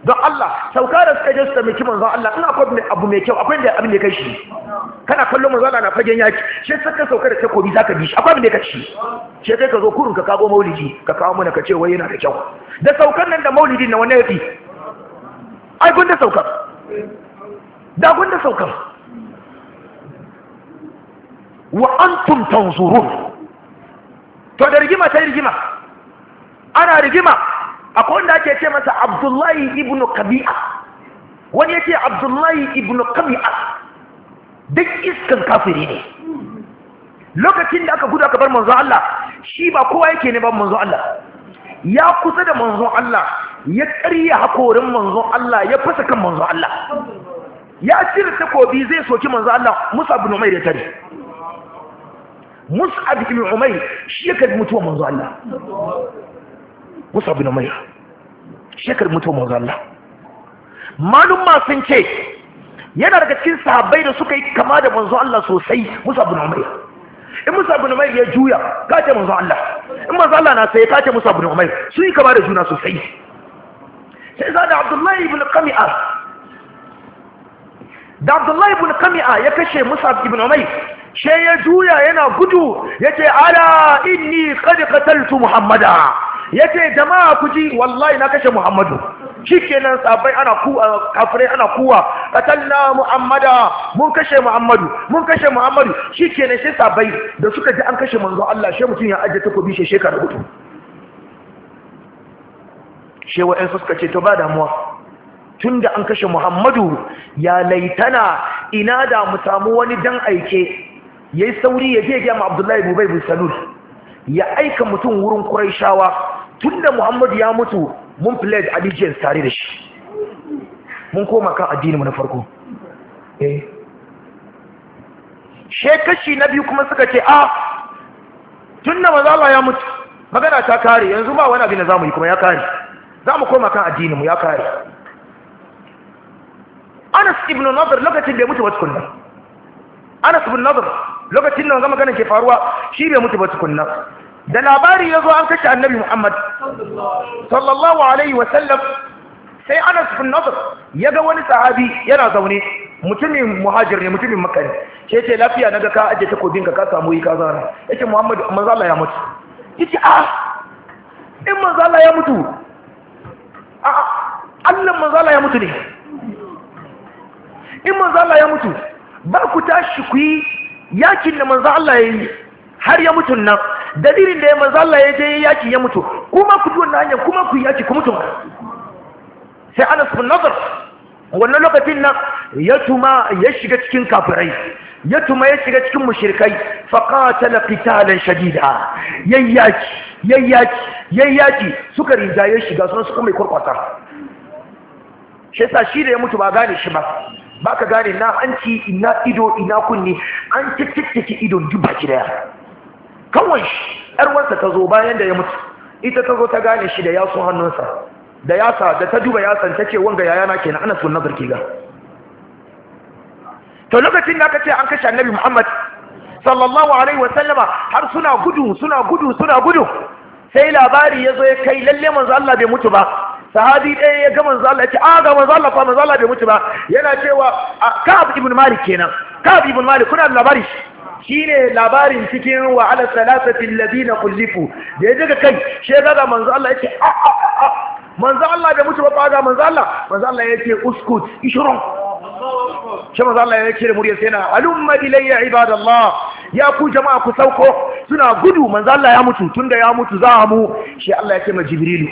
don Allah sauka da suka je su taimaki manzon Allah ina akwai abu mai kyau akwai abin da kai shi kana kallon manzon Allah na fagen yaki shi saka sauka da takobi zaka bi shi akwai abin da kai shi shi kai ka zo kurun ka kago maulidi ka kawo mana ka ce wai yana da kyau da saukan nan da maulidin na wannan yafi ai gun da saukan da gun da saukan wa antum tanzurun to da rigima ta rigima ana rigima akwai wanda ake ce masa abdullahi ibn kabi'a wani ya ce abdullahi ibn kabi'a duk iskan kafiri ne lokacin da aka gudu aka bar manzo Allah shi ba kowa yake ne ba manzo Allah ya kusa da manzo Allah ya ƙarya hakorin manzo Allah ya fasa kan manzo Allah ya cire takobi zai soki manzo Allah Musa ibn Umair ya tare mus'ab ibn umayr shi ya karbi mutuwar manzo Allah mus'ab ibn umayr shi ya karbi mutuwar manzo Allah ma sun ce yana daga cikin sahabbai da suka yi kama da manzo Allah sosai mus'ab ibn umayr in mus'ab ibn umayr ya juya kace manzo Allah in manzo Allah na sai kace mus'ab ibn umayr su yi kama da juna sosai sai zada abdullahi ibn qami'a da abdullahi ibn qami'a ya kashe mus'ab ibn umayr she ya juya yana gudu yace ala inni qad qataltu muhammada yace jama'a ku ji wallahi na kashe muhammadu shikenan sabai ana ku kafirai ana kuwa qatalna muhammada mun kashe muhammadu mun kashe muhammadu shikenan she sabai da suka ji an kashe manzo Allah she mutun ya ajje takobi she shekara gudu she wa'en suka ce to ba damuwa tunda an kashe muhammadu ya laitana ina da mu samu wani dan aike yayi sauri ya je ga Abdullahi ibn Ubay ibn Salul ya aika mutum wurin Qurayshawa tunda Muhammad ya mutu mun pledge allegiance tare da shi mun koma kan addini mu na farko eh shekashi na biyu kuma suka ce a ah, tunda manzo Allah ya mutu magana ta kare yanzu ba wani abin da zamu yi kuma ya kare zamu koma kan addini mu ya kare Anas ibn Nadir lokacin bai mutu wasu kullum Anas bin Nadr lokacin da ganin ke faruwa shi bai mutu ba tukunna da labari ya zo an kashe annabi Muhammad sallallahu alaihi wa sallam sai Anas bin Nadr ya ga wani sahabi yana zaune mutumin muhajir ne mutumin makani ne sai ce lafiya ga ka ajiye takobin ka ka samu yi ka zara yake Muhammad mazala ya mutu yake a ah, in mazala ya mutu a ah, ah, allan mazala ya mutu ne in mazala ya mutu ba ku tashi ku yi yakin da manzo Allah ya yi har ya mutu nan dalilin da ya manzo Allah ya je yaki ya mutu kuma ku ji wannan hanyar kuma ku yi yaki ku mutu sai Anas bin Nadr wannan lokacin nan ya tuma ya shiga cikin kafirai ya tuma ya shiga cikin mushrikai fa qatala qitalan shadida yayyaki yayyaki yayyaki suka rinjaye shiga sun suka mai kurkwata shi sa shi da ya mutu ba gane shi ba ba ka gane na hanci ina ido ina kunne an cikittiki idon duk baki daya kawai yarwarsa ta zo bayan da ya mutu ita ta zo ta gane shi da yasun hannunsa da yasa da ta duba yasan ta ce wanga yayana kenan ana sun nazar ga to lokacin da aka ce an kashe annabi muhammad sallallahu alaihi wasallama har suna gudu suna gudu suna gudu sai labari ya zo ya kai lalle manzo Allah bai mutu ba sahabi ɗaya ya ga manzo Allah ya ce a ah, ga manzo Allah fa manzo Allah bai mutu ba yana cewa Ka'ab ibn Malik kenan Ka'ab ibn Malik kuna da labari shine labarin cikin wa ala salasati alladhina qulifu da ya ga kai shi ga manzo Allah ya ce a a a manzo Allah bai mutu ba fa ga manzo Allah manzo Allah ya ce uskut ishrun shi manzo Allah ya kire muryar sai na alumma ilayya ibadallah ya ku jama'a ku sauko suna gudu manzo Allah ya mutu tunda ya mutu za mu shi Allah ya ce ma jibrilu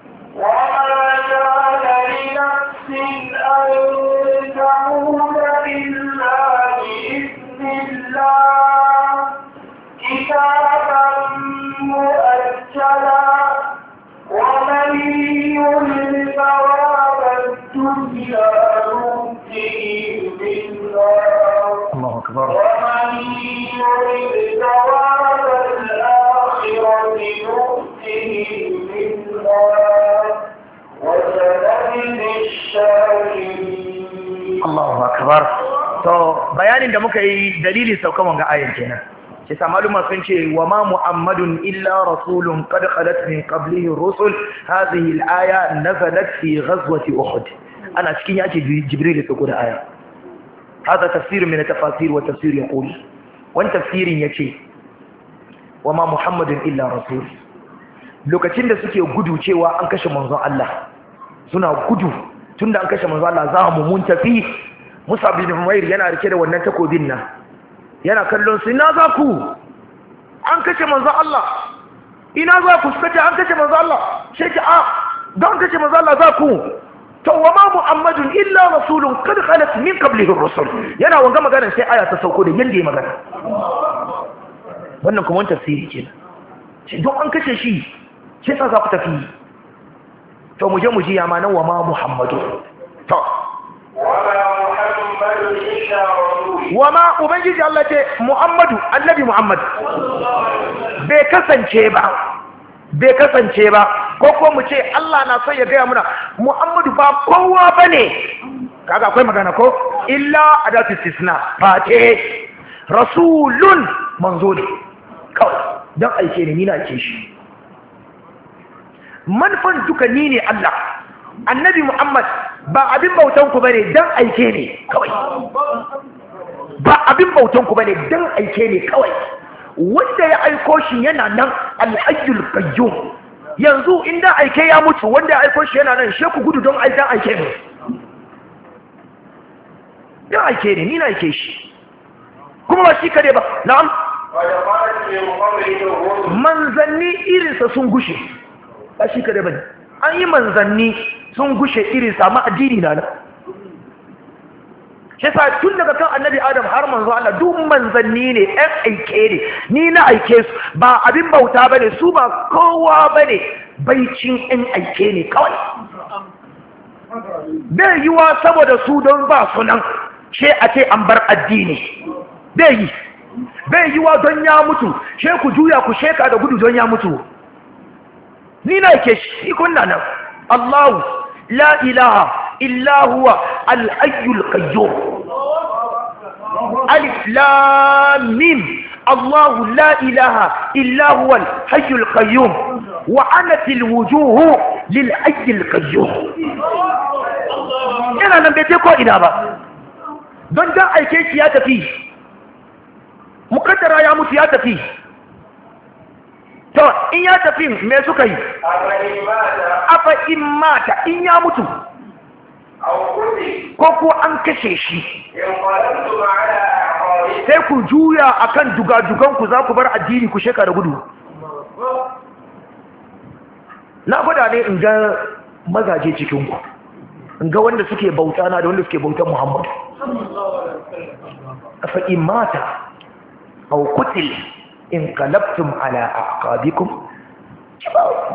bayanin da muka yi dalilin saukan wanga ayan kenan shi sa maluma sun ce wa ma muhammadun illa rasulun kada khalat min qablihi rusul hadhihi al-aya nazalat fi ghazwati uhud ana cikin yake jibril ya tsoko da aya tafsirin mai na tafasir wa tafsirin yaqul wani tafsirin ya ce wa ma muhammadun illa rasul lokacin da suke gudu cewa an kashe manzon Allah suna gudu tun da an kashe manzon Allah za mu mun tafi Musa bin Umair yana rike da wannan takobin nan yana kallon su ina za ku an kace manzo Allah ina za ku suka ce an kace manzo Allah sai a ah, don kace manzo Allah za ku to wa ma Muhammadun illa rasulun qad khalat min qablihi ar-rusul yana wanga magana sai aya ta sauko da yanda ya magana wannan kuma wani tafsiri kenan shi don an kace shi sai sa za ku tafi to mu je mu ji ya ma nan wa ma Muhammadu wa ma ubangiji Allah ce Muhammadu annabi Muhammad bai kasance ba bai kasance ba ko ko mu ce Allah na son ya gaya muna Muhammadu ba kowa bane kaga akwai magana ko illa adatu istisna fate rasulun manzo ne kawai dan aike ne ni na aike shi manfan duka ni ne Allah annabi Muhammad ba abin bautan ku bane dan aike ne kawai ba abin bautan ku bane dan aike ne kawai wanda ya aiko shi yana nan al-hayyul qayyum yanzu in aike ya mutu wanda ya aiko shi yana nan she ku gudu don aidan aike ne ya aike ne ni na aike shi kuma ba shi kare ba na'am manzanni irinsa sun gushe ba shi kare ba ne an yi manzanni sun gushe irinsa ma addini na nan shi yasa tun daga kan annabi adam har manzo Allah duk manzanni ne ɗan aike ne ni na aike su ba abin bauta bane su ba kowa bane baicin ɗan aike ne kawai bai yi wa saboda su don ba sunan she a ce an bar addini bai yi bai yi wa don ya mutu she ku juya ku sheka da gudu don ya mutu ni na aike shi kunna nan Allahu la ilaha إلا هو الحي القيوم ألف لام ميم الله لا إله إلا هو الحي القيوم وعنت الوجوه للحي القيوم إلا لم يتكو إلا با دون جاء أيكي سياتة فيه مقدر أيام سياتة فيه to in ya tafi me أفا yi afa in mata in ko ko an kashe shi sai ku juya akan dugaduganku za ku bar addini ku sheka da gudu na gwada ne in ga mazaje cikinku in ga wanda suke bauta na da wanda suke bautan muhammadu fa'in mata a kutil in kalabtum ala aqabikum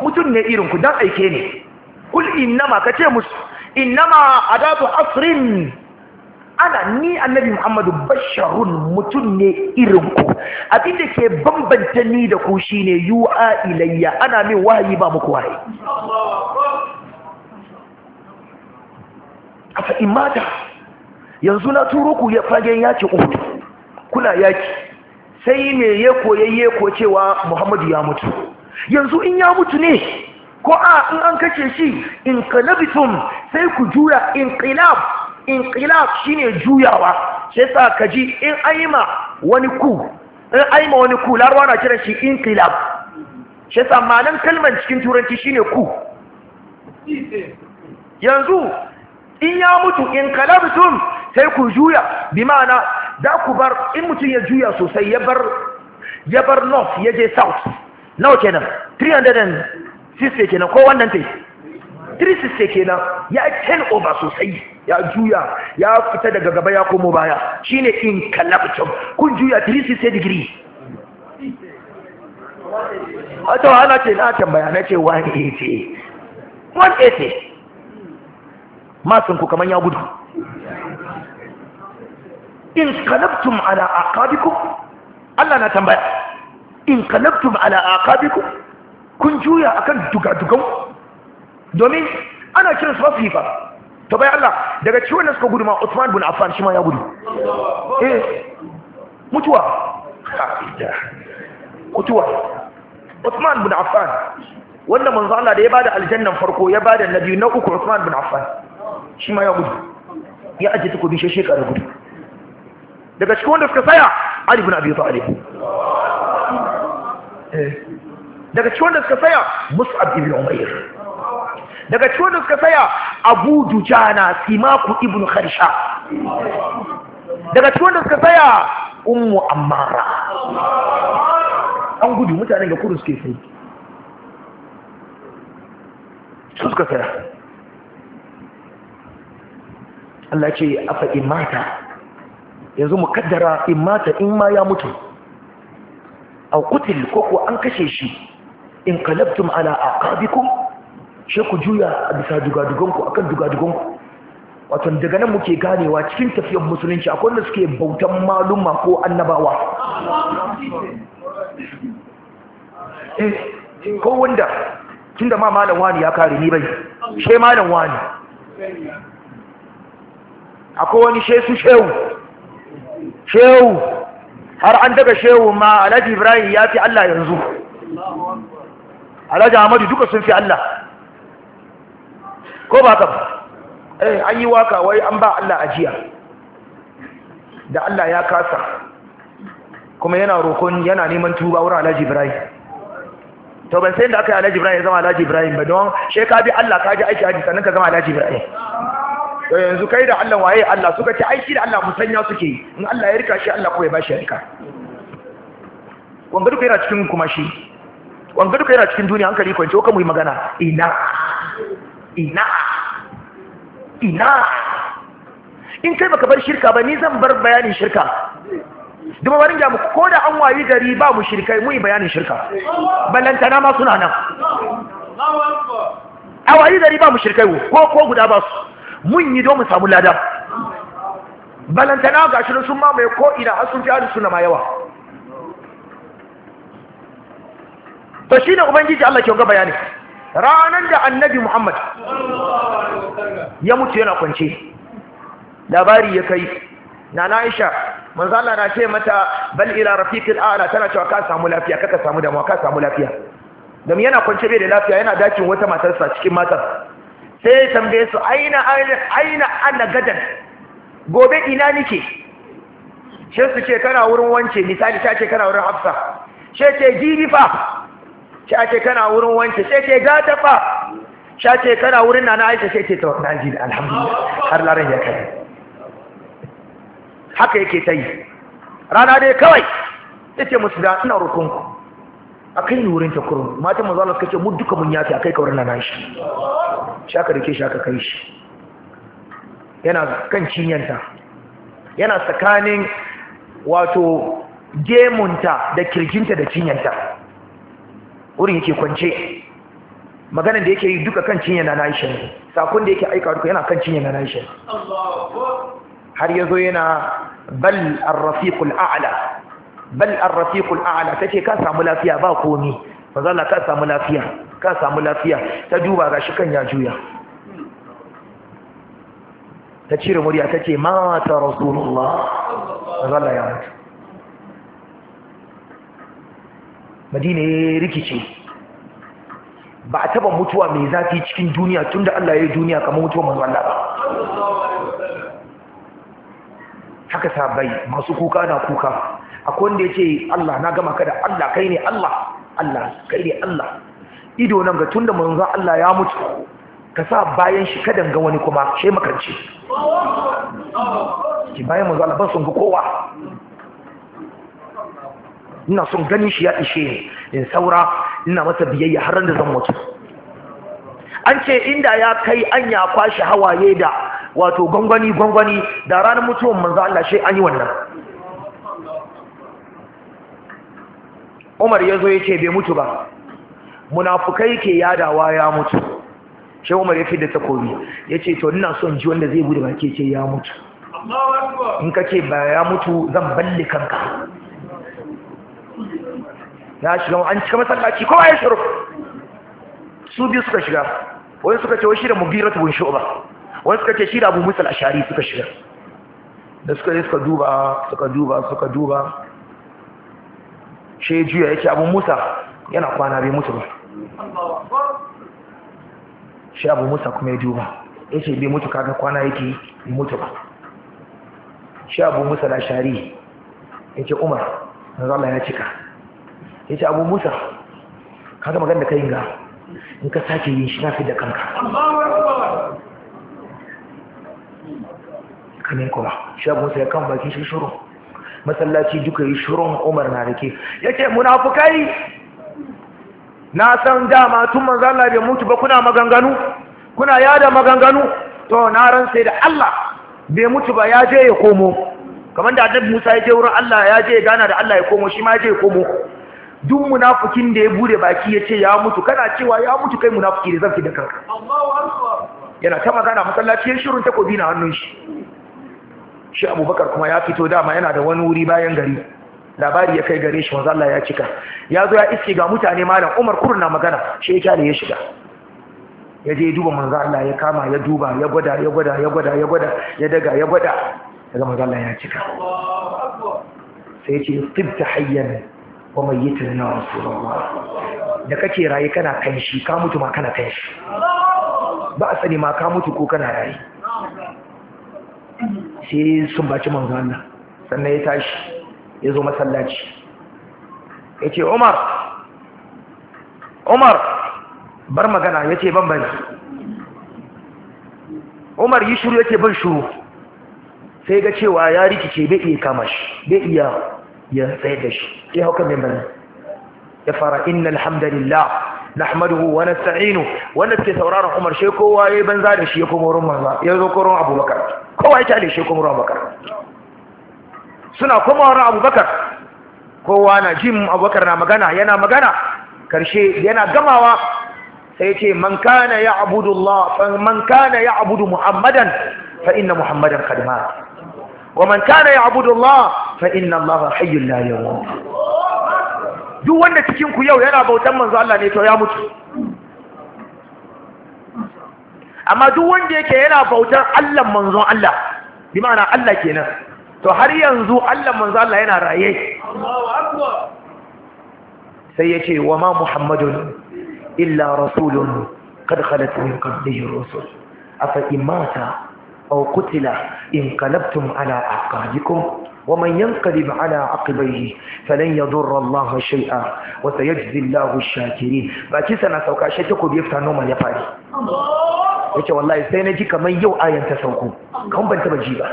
mutum ne irinku don aike ne kul'in nama ka ce musu innama adabu asrin ana ni annabi muhammadu basharun mutum ne irin ku abinda ke bambanta ni da ku shine yu'a ilayya ana min wahayi ba muku wahayi afa imada yanzu na turo ku ya fagen yaki uhud kuna yaki sai me ya koyayye ko cewa muhammadu ya mutu yanzu in ya mutu ne ko a in an kashe shi in kalabitum sai ku juya in inqilab shine juyawa sai sa kaji in aima wani ku in aima wani ku larwa na kiran shi in kilab sai sa malan kalman cikin turanci shine ku yanzu in ya mutu in kalabitum sai ku juya bi ma'ana za ku bar in mutum ya juya sosai ya bar ya bar north ya je south nawa kenan 300 sisse kenan ko wannan tai three ke kenan ya ten over sosai ya juya ya fita daga gaba ya komo baya shine in kallabtum kun juya three sisse degree wata wahala ce na tambaya na ce 180 180 masun ku kaman ya gudu in kallabtum ala aqabikum Allah na tambaya in kallabtum ala aqabikum kun juya a kan dugadugan domin ana kiran su mafi ba to bai Allah daga ciwon da suka gudu ma Uthman bin Affan shi ma ya gudu eh mutuwa mutuwa osman bin Affan wanda manzo Allah da ya bada aljannan farko ya bada nabi na uku osman bin Affan shi ma ya gudu ya aje takobi sheshe kare gudu daga cikin wanda suka saya Ali bin Abi Talib eh daga cikin wanda suka saya mus'ab ibn umair daga cikin wanda suka saya abu dujana simaku ibn kharsha daga cikin wanda suka saya ummu ammara an gudu mutanen da kudu suke sai su suka saya Allah ce afa in mata yanzu mu kaddara in mata in ma ya mutu a kutil ko ko an kashe shi in kalabtum ala aqabikum she ku juya a bisa dugadugonku akan dugadugonku wato daga nan muke ganewa cikin tafiyar musulunci akwai wanda suke bautan maluma ko annabawa eh, ko wanda tunda ma malam wani ya kare ni bai she malam wani akwai wani she su shehu shehu har an daga shehu ma alhaji ibrahim ya fi allah yanzu alhaji amadu duka sun fi Allah ko ba ka ba eh an yi waka wai an ba Allah ajiya da Allah ya kasa kuma yana rokon yana neman tuba wurin alhaji ibrahim to ban sai da aka yi alhaji ibrahim ya zama alhaji ibrahim ba don shi ka bi Allah ka ji aiki aji sannan ka zama alhaji ibrahim to yanzu kai da Allah waye Allah suka ce aiki da Allah musanya suke in Allah ya rika shi Allah ko ya bashi ya rika wanda duka yana cikin kuma shi wanga duka yana cikin duniya hankali kwance kan mu yi magana ina ina ina in kai baka bar shirka ba ni zan bar bayanin shirka duba barin jamu ko da an wayi gari ba mu shirkai mu yi bayanin shirka ballantana ma suna nan a wayi gari ba mu shirkai ko ko guda ba su mun yi don mu samu lada ballantana ga shirin sun mamaye ko ina har sun fi suna ma yawa to shine ubangiji Allah ke ga bayani Ranar da annabi Muhammad ya mutu yana kwance labari ya kai na Aisha manzo Allah na ce mata bal ila rafiqil a'la tana cewa ka samu lafiya kaka samu damuwa ka samu lafiya dan yana kwance bai da lafiya yana dakin wata matarsa cikin matar sai tambaye su aina aina ana gadan gobe ina nike shi su ce kana wurin wance misali ta ce kana wurin hafsa shi ce jirifa sha ce kana wurin wance sai ce gata taɓa sha ce kana wurin na na aisha sai ce ta ji da alhamdulillah har larin ya kai haka yake ta yi rana dai kawai ta ce musu da ina rukunku a kan yi wurin mata matan mazala suka ce mu duka mun yafi a kai kawar nana na shi shaka da ke shaka kai shi yana kan cinyanta yana tsakanin wato gemunta da kirjinta da cinyanta wurin yake kwance maganan da yake yi duka kan cinye na naishin sakon da yake aika duka yana kan cinye na naishin har ya zo yana bal arrafiqul a'la bal arrafiqul a'la tace ka samu lafiya ba komi manzala ka samu lafiya ka samu lafiya ta duba gashi kan ya juya ta cire murya tace mata rasulullah manzala ya mutu madina ya rikice ba a taba mutuwa mai zafi cikin duniya tun da Allah ya yi duniya kamar mutuwa mai Allah ba haka sabai masu kuka na kuka akwai wanda ya ce Allah na gama kada Allah kai ne Allah Allah kai ne Allah ido nan ga tun da manzo Allah ya mutu ka sa bayan shi kadan ga wani kuma shi makarci ki bayan mai Allah ban sun ga kowa ina son ganin shi ya ishe ni in saura ina masa biyayya har da zan mutu an ce inda ya kai an ya kwashi hawaye da wato gwangwani gwangwani da ranar mutuwan manzo Allah shi an yi wannan Umar yazo zo bai mutu ba munafukai ke yadawa ya mutu shi Umar ya fi da takobi yace to ina son ji wanda zai bude ba ce ya mutu in ka ce ba ya mutu zan balle kanka na shiga an cika masallaci kowa ya shiru su biyu suka shiga wani suka ce wai shi da mubiratu bin shu'ba wani suka ce shi da abu musul ashari suka shiga da suka yi suka duba suka duba suka duba shi juya ya ce abu musa yana kwana bai mutu ba shi abu musa kuma ya duba ya ce bai mutu kaga kwana yake mutu ba shi abu musa da shari ya ce umar na zama ya cika ya ce abu musa kaga magana da kayin ga in ka sake yin shi na fi da kanka kamin kuma shi abu musa ya kan baki shi shuru masallaci duka yi shurun umar na da ke ya ce munafukai na san dama tun manzan da mutu ba kuna maganganu kuna yada maganganu to na ran sai da Allah bai mutu ba ya je ya komo kamar da adab Musa ya je wurin Allah ya je gana da Allah ya komo shi ma ya je ya komo duk munafukin da ya bude baki ya ce ya mutu kana cewa ya mutu kai munafuki da zafi da kanka yana ta magana masallaci ya shirun takobi na hannun shi shi abubakar kuma ya fito dama yana da wani wuri bayan gari labari ya kai gare shi wanzu ya cika ya zo ya iske ga mutane malam umar kurun na magana shi ya kyale ya shiga ya je duba manzo Allah ya kama ya duba ya gwada ya gwada ya gwada ya gwada ya daga ya gwada ya manzo ya cika sai ya ce tibta hayyan wa mayyitun na rasulullah da kake rayu kana kan shi ka mutu ma kana kan shi ba a sani ma ka mutu ko kana rayu. sai sun baci manzo Allah sannan ya tashi ya zo masallaci ya ce umar umar bar magana ya ce ban bari umar yi shuru ya ce ban shuru sai ga cewa ya rikice bai iya kama shi bai iya ya tsaye da shi ya hau kan mimbari ya fara inna alhamdulillah nahmaduhu wa sa'inu. wanda suke sauraron Umar shi kowa ya yi banza da shi ya komo ruwan manzo ya zo koron Abubakar kowa ya tale shi komo ruwan Abubakar suna komo ruwan Abubakar kowa na jim Abubakar na magana yana magana karshe yana gamawa sai ce man kana abudu Allah man kana abudu Muhammadan fa inna Muhammadan qad wa man kana abudu Allah fa inna allaha hayyul la yamut duk wanda cikinku yau yana bautan manzo Allah ne to ya mutu amma duk wanda yake yana bautan Allah manzon Allah bi ma'ana Allah kenan to har yanzu Allah manzo Allah yana raye sai yace wa ma muhammadun illa rasulun qad khalat min qablihi rusul afa imata aw qutila in qalabtum ala aqabikum ومن ينقلب على عقبيه فلن يضر الله شيئا وسيجزي الله الشاكرين باكي سنة سوكا شتكو بيفتا نوما يفاري yace wallahi sai na ji kamar yau ayan ta sauko kan ban taba ji ba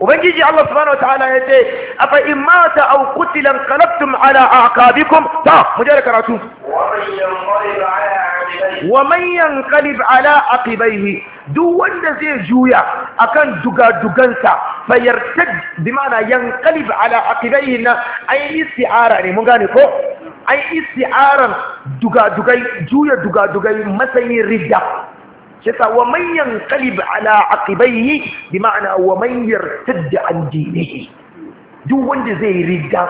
ubangiji Allah subhanahu wataala ya ce afa in mata aw qutila qalabtum ala aqabikum ta mu je karatu wa man yanqalib ala aqibaihi duk wanda zai juya akan dugadugansa fayartad bi ma'ana yanqalib ala aqibaihi na ai isti'ara ne mun gane ko ai isti'aran dugadugai juya dugadugai matsayin ridda yasa wa man yanqalib ala aqibaihi bi ma'ana wa man yartadd an dinihi duk wanda zai riga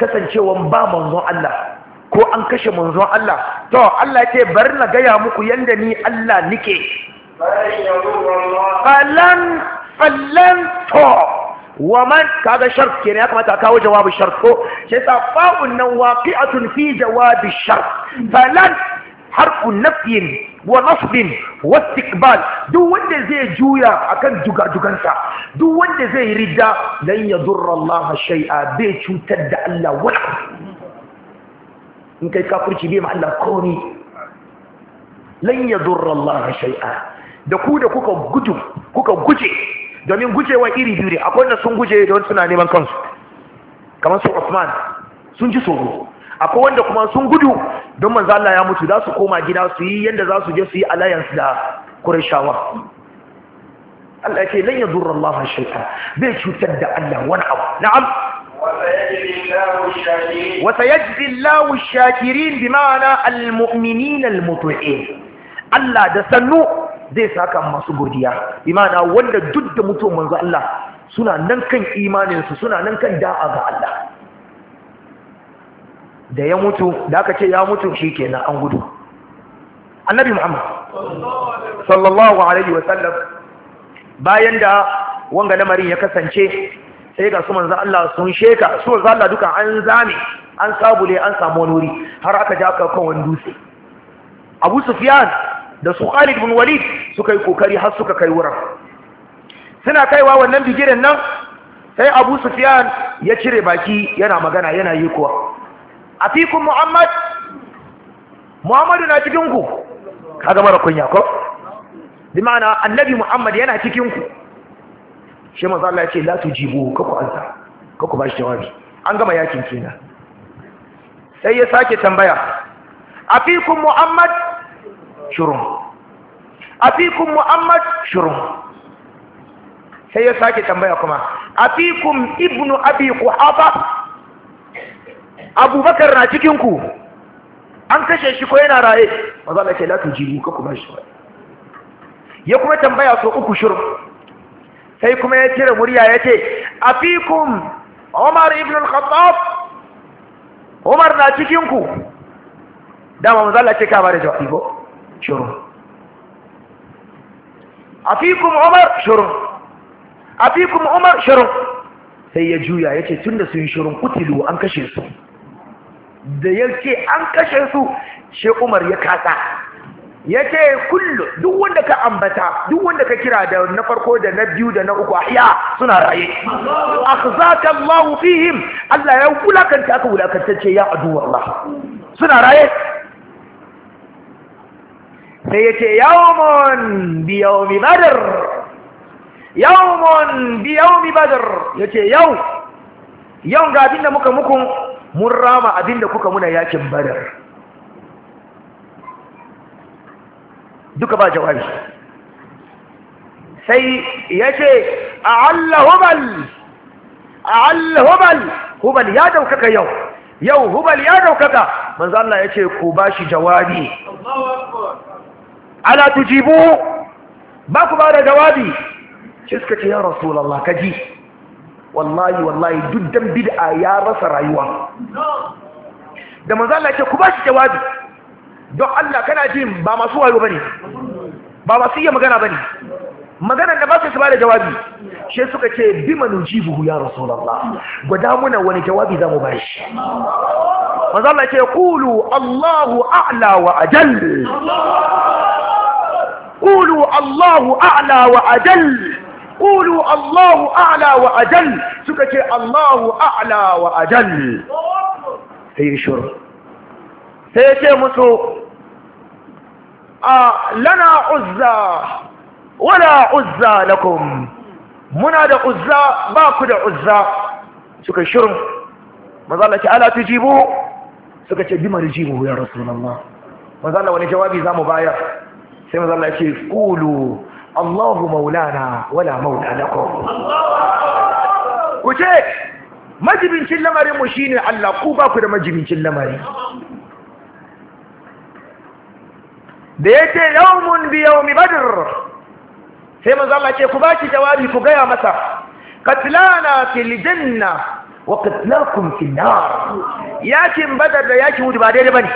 kasancewan ba manzon Allah ko an kashe manzon Allah to Allah ce bar na gaya muku yanda ni Allah nike falan falan to kaga sharf kenan ya kamata kawo jawabin shart. ko sai sa fa'un nan waqi'atun fi jawabi sharf falan harku nafyin wa nasbin wa istiqbal duk wanda zai juya akan jugajugansa duk wanda zai ridda lan yadurra Allah shay'a bai cutar da Allah wani in kai kafirci bai ma Allah komai lan yadurra Allah shay'a da ku da kuka gudu kuka guje domin gujewa iri biyu ne akwai wanda sun guje don suna neman kansu kamar su Uthman sun ji tsoro akwai wanda kuma sun gudu don manzo Allah ya mutu za su koma gida su yi yanda za su je su yi alliance da Qurayshawa Allah ce lan yadurra Allah shay'a bai cutar da Allah wani abu na'am shakirin الله الشاكرين بمعنى المؤمنين المطيعين Allah da sannu zai saka masu godiya imana wanda duk da mutum manzo Allah suna nan kan imaninsu suna nan kan da'a ga Allah da ya mutu da aka ce ya mutu shi kenan an gudu annabi muhammad sallallahu alaihi wasallam bayan da wanga lamarin ya kasance sai ga su manzan Allah sun sheka su manzan Allah duka an zame an sabule an samu wani wuri har aka ja aka kan wani dutse Abu Sufyan da su Khalid bin Walid suka yi kokari har suka kai wurin suna kaiwa wannan bigiren nan sai Abu Sufyan ya cire baki yana magana yana yi kuwa Afikun muhammad muhammadu na cikinku ka gama da kunya ko bi ma'ana annabi muhammad yana cikinku shi manzo Allah ya ce la tujibu ka ku ansa ka ku bashi jawabi an gama yakin kina. sai ya sake tambaya afikun muhammad shirun, afikun muhammad shirun, sai ya sake tambaya kuma afikun Ibn ibnu abi quhafa abubakar na cikinku an kashe shi ko yana raye ba za a ce latu jiru ka kuma shi ya kuma tambaya so uku shirin sai kuma ya cire murya ya ce a fikun umar ibn al-khattab umar na cikinku dama mu zalla ce ka da jawabi ko shirin a fikun umar shirin a fikun umar shirin sai ya juya ya ce tun da sun shirin kutilu an kashe su da ya ce an kashe su shi umar ya kasa ya ce kullu duk wanda ka ambata duk wanda ka kira da na farko da na biyu da na uku ahya suna raye akhzaka Allah fihim Allah ya wulakanta aka wulakantacce ya adu Allah suna raye sai ya ce yawmun bi yawmi badr yawmun bi yawmi badr ya ce yau yau ga abin da muka muku mun rama abinda kuka muna yakin badar duka ba jawabi sai ya ce a Allah hubal a Allah hubal hubal ya daukaka yau yau hubal ya daukaka manzo Allah ya ce ku ba shi jawabi Ana tujibu ba ku ba da jawabi Ciskaci suka ce ya ji wallahi wallahi duk dan bid'a ya rasa rayuwa da manzo Allah ce ku ba shi jawabi don Allah kana jin ba masu wayo bane ba masu iya magana bane maganar da ba su ba da jawabi shi suka ce bi manujibuhu ya rasulullah gwada muna wani jawabi zamu ba shi manzo Allah ce qulu Allahu a'la wa ajal qulu Allahu a'la wa ajal ƙulu Allahu a'la wa ajal suka ce Allahu a'la wa ajal sai yi shuru sai ya ce musu a lana uzza wala uzza lakum muna da uzza ba ku da uzza suka shirin mazala ce ala tujibu suka ce bima rijibu ya rasulullah wani jawabi za mu sai ce Allahu maulana wala maula lakum ku ce majibincin lamarin mu shine Allah ku ba ku da majibincin lamari da yace yawmun bi yawmi badr sai manzo Allah ce ku baki jawabi ku gaya masa Katilana fil janna wa qatlakum fil nar yakin badar da yakin hudu ba daidai bane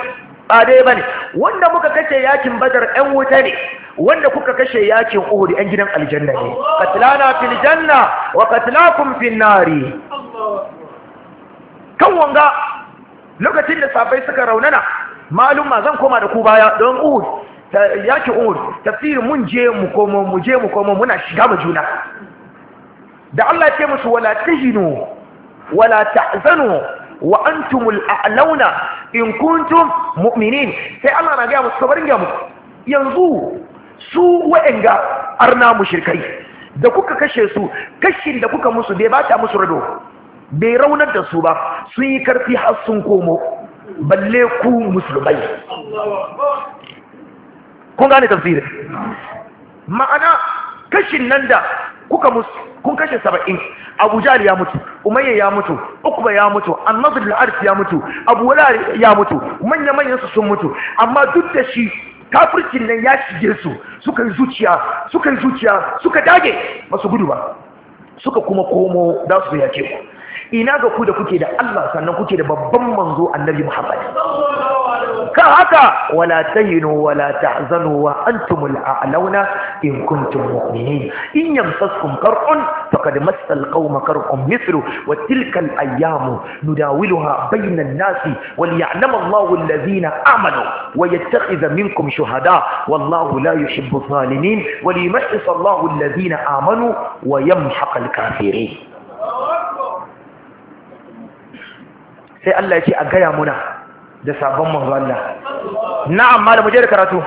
ba dai bane wanda muka kashe yakin badar ɗan wuta ne wanda kuka kashe yakin uhud ɗan gidan aljanna ne qatlana fil janna wa qatlakum fil nari kan wanga lokacin da safai suka raunana malum ma zan koma da ku baya don uhud yakin uhud tafsir mun je mu komo mu je mu komo muna shiga mu juna da Allah ya ce musu wala tahinu wala tahzanu wa antumul a'launa in kuntum mu'minin sai Allah na ga musu kabarin ga mu yanzu su wa'anga arna mushrikai da kuka kashe su kashin da kuka musu bai bata musu rado bai raunar da su ba sun yi karfi har sun komo balle ku musulmai kun gane tafsirin ma'ana kashin nan da kuka musu kun kashe saba'in abu ya mutu umayya ya mutu ukba ya mutu annasr arif ya mutu abu wala ya mutu manya manyan su sun mutu amma duk da shi kafircin nan ya shige su suka yi zuciya suka yi zuciya suka dage masu gudu ba suka kuma komo da su yake ku ina ga ku da kuke da Allah sannan kuke da babban manzo annabi Muhammad كهكا ولا تهنوا ولا تحزنوا وأنتم الأعلون إن كنتم مؤمنين إن يمسسكم قرح فقد مس القوم قرح مثله وتلك الأيام نداولها بين الناس وليعلم الله الذين آمنوا ويتخذ منكم شهداء والله لا يحب الظالمين وليمحص الله الذين آمنوا ويمحق الكافرين sai Allah ya ce a gaya muna da sabon manzo Allah na'am malamu je da karatu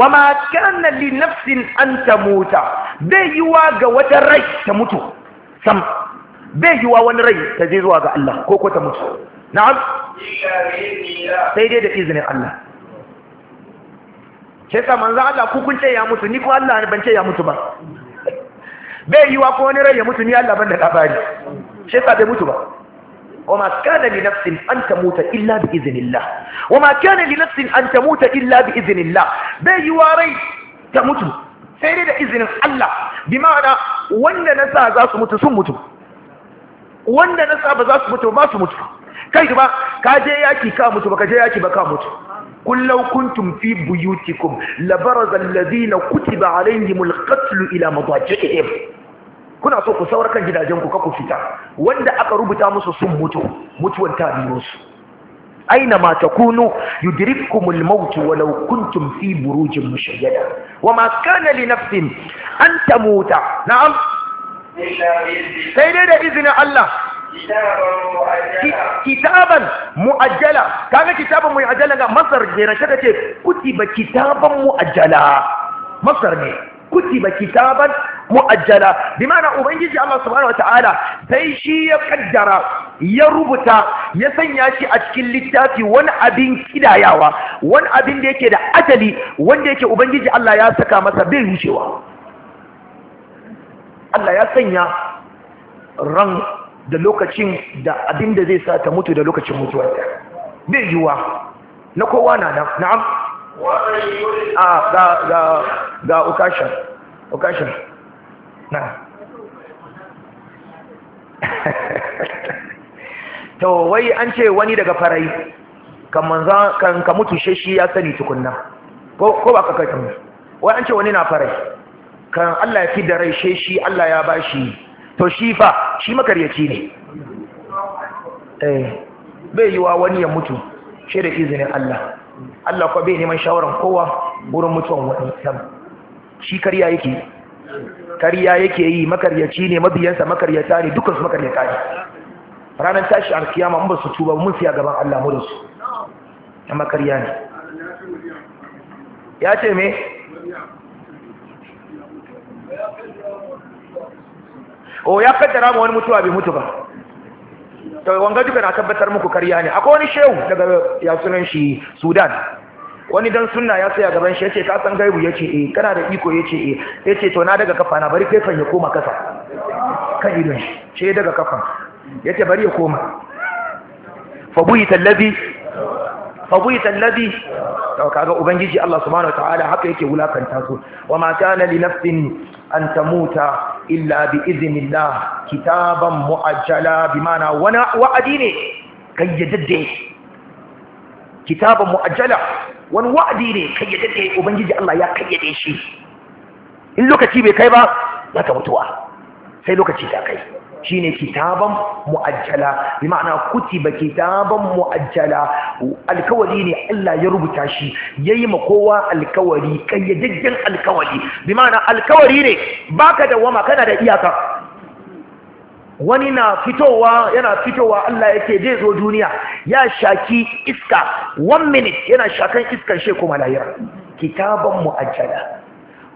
wa ma kana li nafsin an tamuta bai yiwa ga wata rai ta mutu sam bai yiwa wani rai ta je zuwa ga Allah ko ko ta mutu na'am sai dai da izinin Allah sai sa manzo Allah ku kun ce ya mutu ni ko Allah ban ce ya mutu ba bai yiwa ko wani rai ya mutu ni Allah ban da labari sai sa bai mutu ba وما كان لنفس أن تموت إلا بإذن الله وما كان لنفس أن تموت إلا بإذن الله بيواري تموت سيري إذن الله بمعنى وأن نسى ذات متسمت wanda na saba za su mutu ba su mutu kai ba ka je yaki ka mutu ba ka je yaki ba ka mutu kullau kuntum fi buyutikum kutiba alaihimul qatl ila madajihim kuna so ku saurar kan gidajen ku ku fita wanda aka rubuta musu sun mutu mutuwar ta biyo su aina ma takunu yudrikkumul maut walau kuntum fi burujin mushayyada wama kana li nafsin an tamuta na'am sai dai da izinin Allah kitaban mu'ajjala kaga kitaban mu'ajjala ga masar ne na ce kutiba kitaban mu'ajjala masar ne kutiba kitaban mu'ajjala bi ubangiji Allah subhanahu wataala sai shi ya kaddara ya rubuta ya sanya shi a cikin littafi wani abin kidayawa wani abin da yake da ajali wanda yake ubangiji Allah ya saka masa bai wucewa. Allah ya sanya ran da lokacin da abin da zai sa ta mutu da lokacin mutuwarta bai yiwa na kowa na na'am ah ga ga ga ukasha ukasha na to wai an ce wani daga farai kan ka mutu shi ya sani tukunna ko ba ka kai wai an ce wani na farai kan Allah ya fi da rai shi Allah ya bashi to shi fa shi makaryaci ne eh bai wa wani ya mutu shi da izinin Allah Allah kwa bai neman shawarar kowa wurin mutuwan wani shi karya yake karya yake yi makaryaci ne mabiyansa makaryata ne dukkan su makaryata ne ranar tashi alkiyama mun ba su tuba mun siya gaban Allah mu da su amma makarya ne ya ce me o oh, ya kaddara ma wani mutuwa bai mutu ba ta wanga duka na tabbatar muku karya ne akwai wani shehu daga ya sunan shi Sudan wani dan sunna ya tsaya gaban shi yace ka san gaibu yace eh kana da iko yace eh yace to na daga kafa na bari kai ya koma kasa kan idon shi ce daga kafa yace bari ya koma fa tallabi فبويت الذي وكذا أبنجي الله سبحانه وتعالى حقا يكي ولاكا تاسول وما كان لنفس أن تموت إلا بإذن الله كتابا مؤجلا بمعنى ونا وعديني كي يدده كتابا مؤجلا ون وعديني كي يدده أبنجي الله يا كي يدشي إن لك تيبي كيبا لا تموتوا سيلوك تيبي كيبا shine kitaban mu'ajjala bi kuti kutiba kitaban mu'ajjala alkawari ne Allah ya rubuta shi yayi ma kowa alkawari kayyadajjen alkawari bi ma'ana alkawari ne baka da wama kana da iyaka wani na fitowa yana fitowa Allah yake zai zo duniya ya shaki iska one minute yana shakan iskan shi kuma kitaban mu'ajjala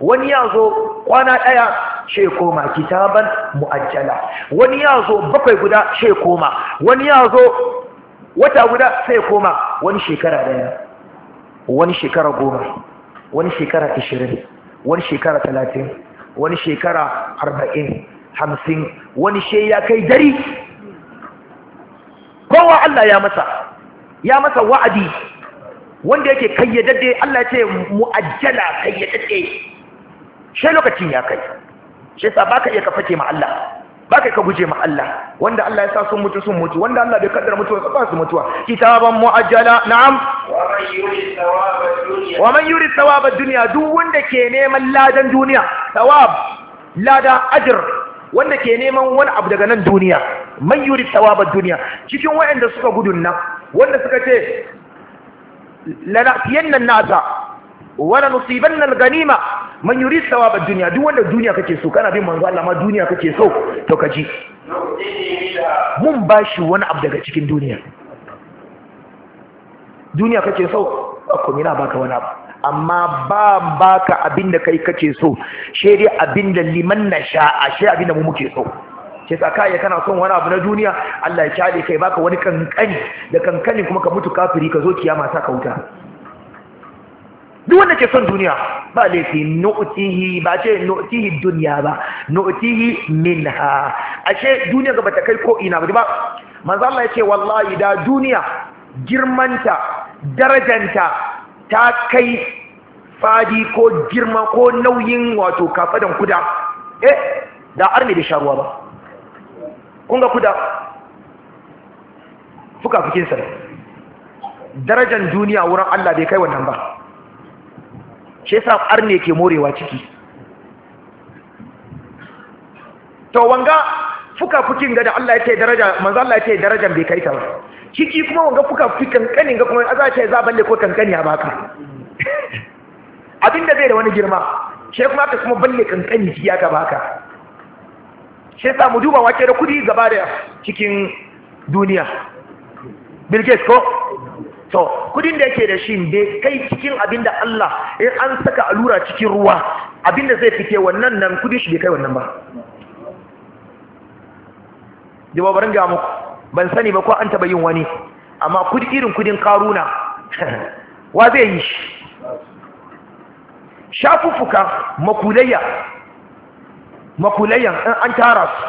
wani ya zo kwana ɗaya she koma kitaban mu'ajjala wani ya zo bakwai guda she koma wani ya zo wata guda sai koma wani shekara ɗaya, wani shekara goma wani shekara ishirin, wani shekara talatin wani shekara arba'in hamsin wani she ya kai dari kowa Allah ya masa ya masa wa'adi wanda yake kayyadadde Allah ya ce mu'ajjala kayyadadde shi lokacin ya kai shi yasa baka iya ka fake ma Allah baka ka guje ma Allah wanda Allah ya sa sun mutu sun mutu wanda Allah bai kaddara mutuwa ba su mutuwa kitaban muajjala na'am wa man yuri thawaba dunya duk wanda ke neman ladan duniya thawab lada ajr wanda ke neman wani abu daga nan duniya man yuri thawaba dunya cikin wayanda suka gudun nan wanda suka ce lana tiyannan nasa wala nusibanna ganima man yurid thawab ad-dunya duk wanda duniya kake so kana bin manzo Allah ma duniya kake so to kaji mun bashi wani abu daga cikin duniya duniya kake so ko mina baka wani abu amma ba baka abinda kai kake so she dai abinda liman nasha a she abinda mu muke so ke tsaka ya kana son wani abu na duniya Allah ya kyale kai baka wani kankani da kankani kuma ka mutu kafiri ka zo kiyama sa ka wuta duk wanda ke son duniya ba laifi nautihi ba ce nautihi duniya ba nu'tihi minha ashe duniya ga bata kai ko ina ba ba manzo Allah yace wallahi da duniya girmanta darajanta ta kai fadi ko girma ko nauyin wato kafadan kuda eh da arni da sharuwa ba kun ga kuda fuka fukin sa darajan duniya wurin Allah bai kai wannan ba shi yasa arne ke morewa ciki to wanga fuka-fukin ga da Allah ya ce daraja manzo Allah ya ce darajan bai kai ta ba ciki kuma wanga fuka-fukin kankani ga kuma za ce za balle ko kankani a baka abinda bai da wani girma shi kuma ka kuma balle kankani shi ya ka baka shi yasa mu duba wace da kudi gaba da cikin duniya Bill ko to kudin da yake da shi bai kai cikin abinda Allah in an saka alura cikin ruwa abinda zai fike wannan nan kudin shi bai kai wannan ba jibo barin ga muku ban sani ba ko an taba yin wani amma kudi irin kudin karuna wa zai yi shi shafuffuka makulayya makulayyan an tara su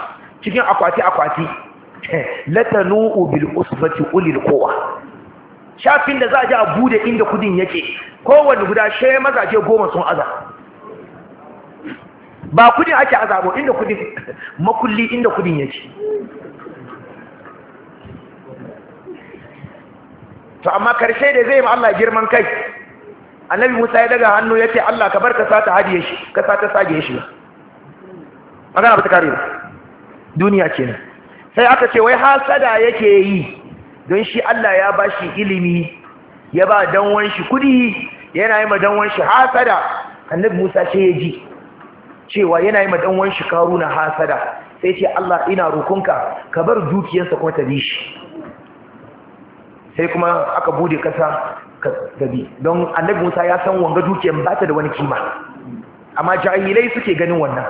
cikin akwati akwati latanu bil usbati ulil quwa shafin da za a ji a bude inda kudin yake kowane guda she mazaje goma sun aza ba kudin ake azabo inda kudin makulli inda kudin yake to amma karshe da zai ma Allah girman kai annabi Musa ya daga hannu ya ce Allah ka bar ka sata hadiye shi ka sata sage shi magana ba ta kare ba duniya kenan sai aka ce wai hasada yake yi don shi Allah ya ba shi ilimi ya ba danwon shi kudi yana yi ma shi hasada annabi Musa ce ya ji cewa yana yi ma danwan shi karuna hasada sai ce Allah ina rokonka ka bar dukiyarsa kuma ta bi shi sai kuma aka bude kasa ka gabi don annabi Musa ya san wanga dukiyar ba ta da wani kima amma jahilai suke ganin wannan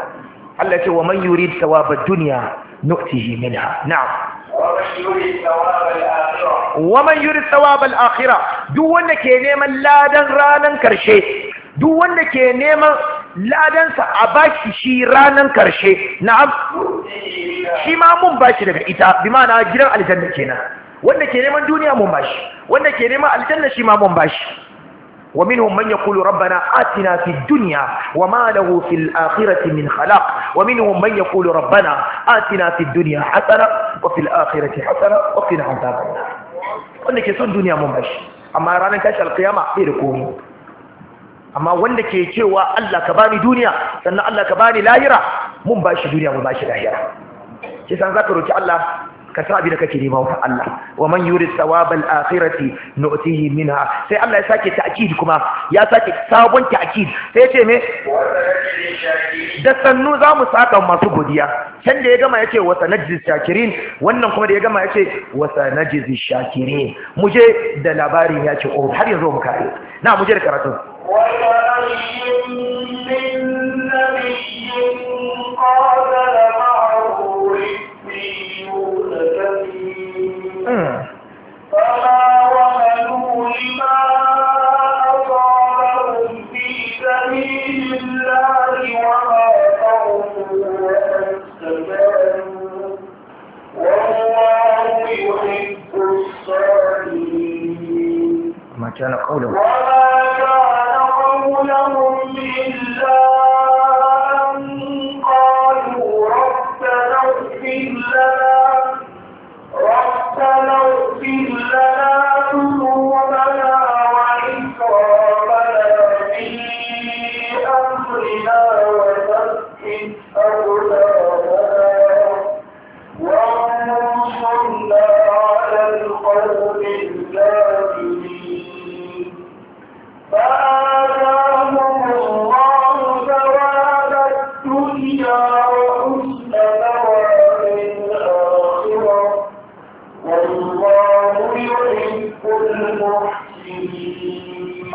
Allah ce wa man yurid thawaba dunya nu'tihi minha na'am waman yuri tsawabal akhira duk wanda ke neman ladan ranan karshe duk wanda ke neman ladansa a bashi shi ranan karshe na'am shi ma mun bashi daga ita bi ma'ana gidan aljanna kenan wanda ke neman duniya mun bashi wanda ke neman shi ma mun bashi ومنهم من يقول ربنا آتنا في الدنيا وما له في الآخرة من خلاق ومنهم من يقول ربنا آتنا في الدنيا حسنة وفي الآخرة حسنة وقنا عذاب النار وانك يسون دنيا ممش أما رانا كاش القيامة خير كوني أما وانك يتوى الله كباني دنيا سنة الله كباني لاهرة ممباش دنيا ممباش لاهرة كيسان ذكروا الله ka sa abin da kake nema wa Allah wa man yurid thawabal akhirati nu'tihi minha sai Allah ya sake ta'kid kuma ya sake sabon ta'kid sai ce me da sannu za mu saka masu godiya can da ya gama yace wa sanajzi shakirin wannan kuma da ya gama yace wa sanajzi shakirin mu je da labarin yace oh har yanzu mu kare na mu je da karatu wa فما لما في سبيل الله وما الصالحين ما كان قولهم وما كان قولهم إلا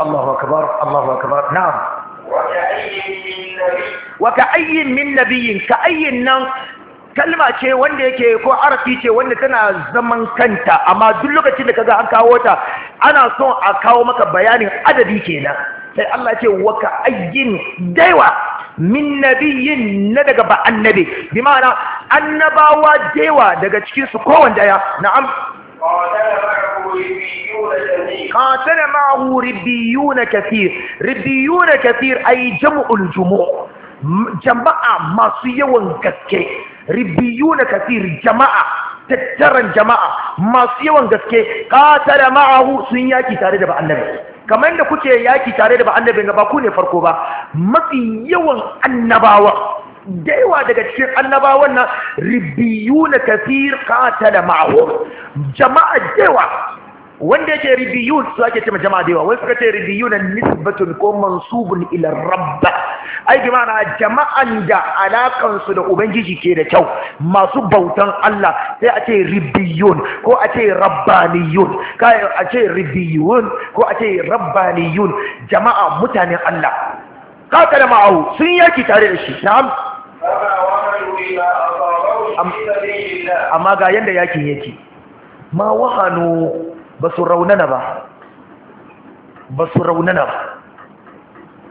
الله أكبر الله أكبر نعم وكأي من نبي كأي من kalma ce wanda yake ko arafi ce wanda tana zaman kanta amma duk lokacin da kaga an kawo ta ana son a kawo maka bayanin adadi kenan sai Allah ce wa ka ayyin daiwa min nabiyyin na daga ba annabi bi ma'ana annabawa daiwa daga cikin su kowanne daya na'am قاتل معه ربيون كثير ربيون كثير أي جمع الجموع jama'a masu yawan gaske Ribiyu na kasir jama'a tattaran jama'a masu yawan gaske qatala ma'ahu sun yaki tare da ba kamar da kuke yaki tare da ba annabi ba ku ne farko ba mafi yawan annabawa daiwa daga cikin annabawan nan ribiyuna kasir qatala ma'ahu jama'a daiwa wanda yake ribiyun su ake ce jama'a da yawa wai suka ce ribiyun nisbatun ko mansubun ila rabba ai bi ma'ana jama'an da alakan su da ubangiji ke da kyau masu bautan Allah sai a ce ribiyun ko a ce rabbaniyun kai a ce ribiyun ko a ce rabbaniyun jama'a mutanen Allah ta da ma'au sun yaki tare da shi na'am amma ga yanda yakin yake ma wahanu ba su raunana ba ba su raunana ba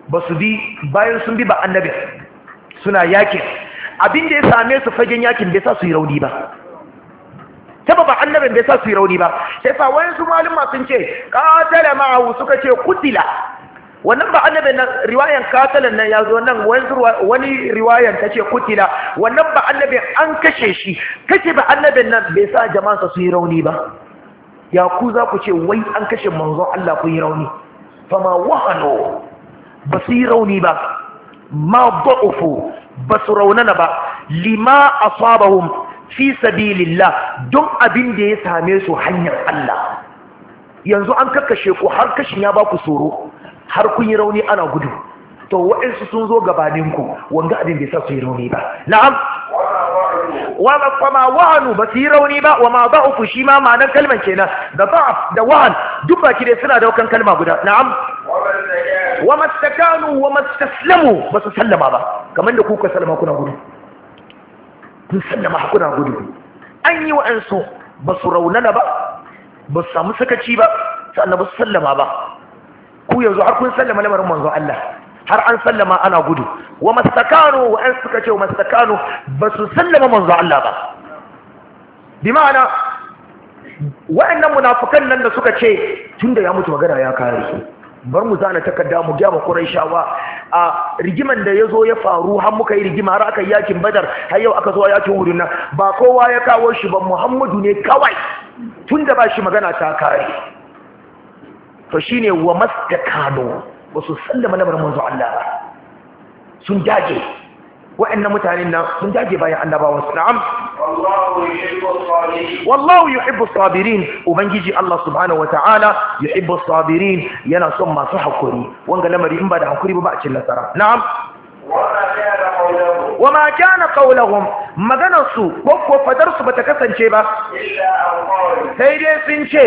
ba su bi bayan sun bi ba annabin suna yakin abin da ya same su fagen yakin bai sa su yi rauni ba taba ba annabin bai sa su yi rauni ba sai fa su malama sun ce katala ma'ahu suka ce kudila wannan ba annabin nan riwayan katalan nan ya zo nan wani riwayan ta ce kudila wannan ba annabin an kashe shi kashe ba annabin nan bai sa jama'a su yi rauni ba ya ku za ku ce wai an kashe manzo Allah ku yi rauni fama wahano ba su yi rauni ba ma ba'ufu ba su raunana ba lima asabahum fi sabilillah don abin da ya same su hanyar Allah yanzu an kakkashe ku har kashin ya ba ku tsoro har kun yi rauni ana gudu to waɗansu sun zo gabaninku wanga abin bai sa su yi rauni ba na'am wa ma wahanu ba su yi rauni ba wa ma uku shi ma ma'anar kalmar kenan da ba'af da wahan duk baki dai suna daukan kalma guda na'am wa mastakanu wa mastaslamu ba su sallama ba kamar da kuka sallama kuna gudu kun sallama kuna gudu an yi wa'ansu ba su raunana ba ba su samu sakaci ba sannan ba su sallama ba ku yanzu har kun sallama lamarin manzon Allah har an sallama ana gudu wa mastakanu wa an suka ce wa mastakanu ba su sallama manzo Allah ba bi ma'ana wa'annan munafukan nan da suka ce tunda ya mutu magana ya kare su bar mu zana takarda mu gyama Qurayshawa a rigiman da ya zo ya faru har muka yi rigima har aka yakin Badar har yau aka zo yakin Uhud nan ba kowa ya kawo shi ba Muhammadu ne kawai tunda ba shi magana ta kare to shine wa mastakanu ba su sallama lamarin manzo Allah ba sun dage wa'annan mutanen nan sun dage bayan annabawan su na'am wallahu yuhibbu sabirin ubangiji Allah subhanahu wata'ala yuhibbu sabirin yana son masu hakuri wanga lamari in ba da hakuri ba ba a cin nasara na'am wa ma kana qawluhum maganar su ko ko fadar su bata kasance ba sai dai sun ce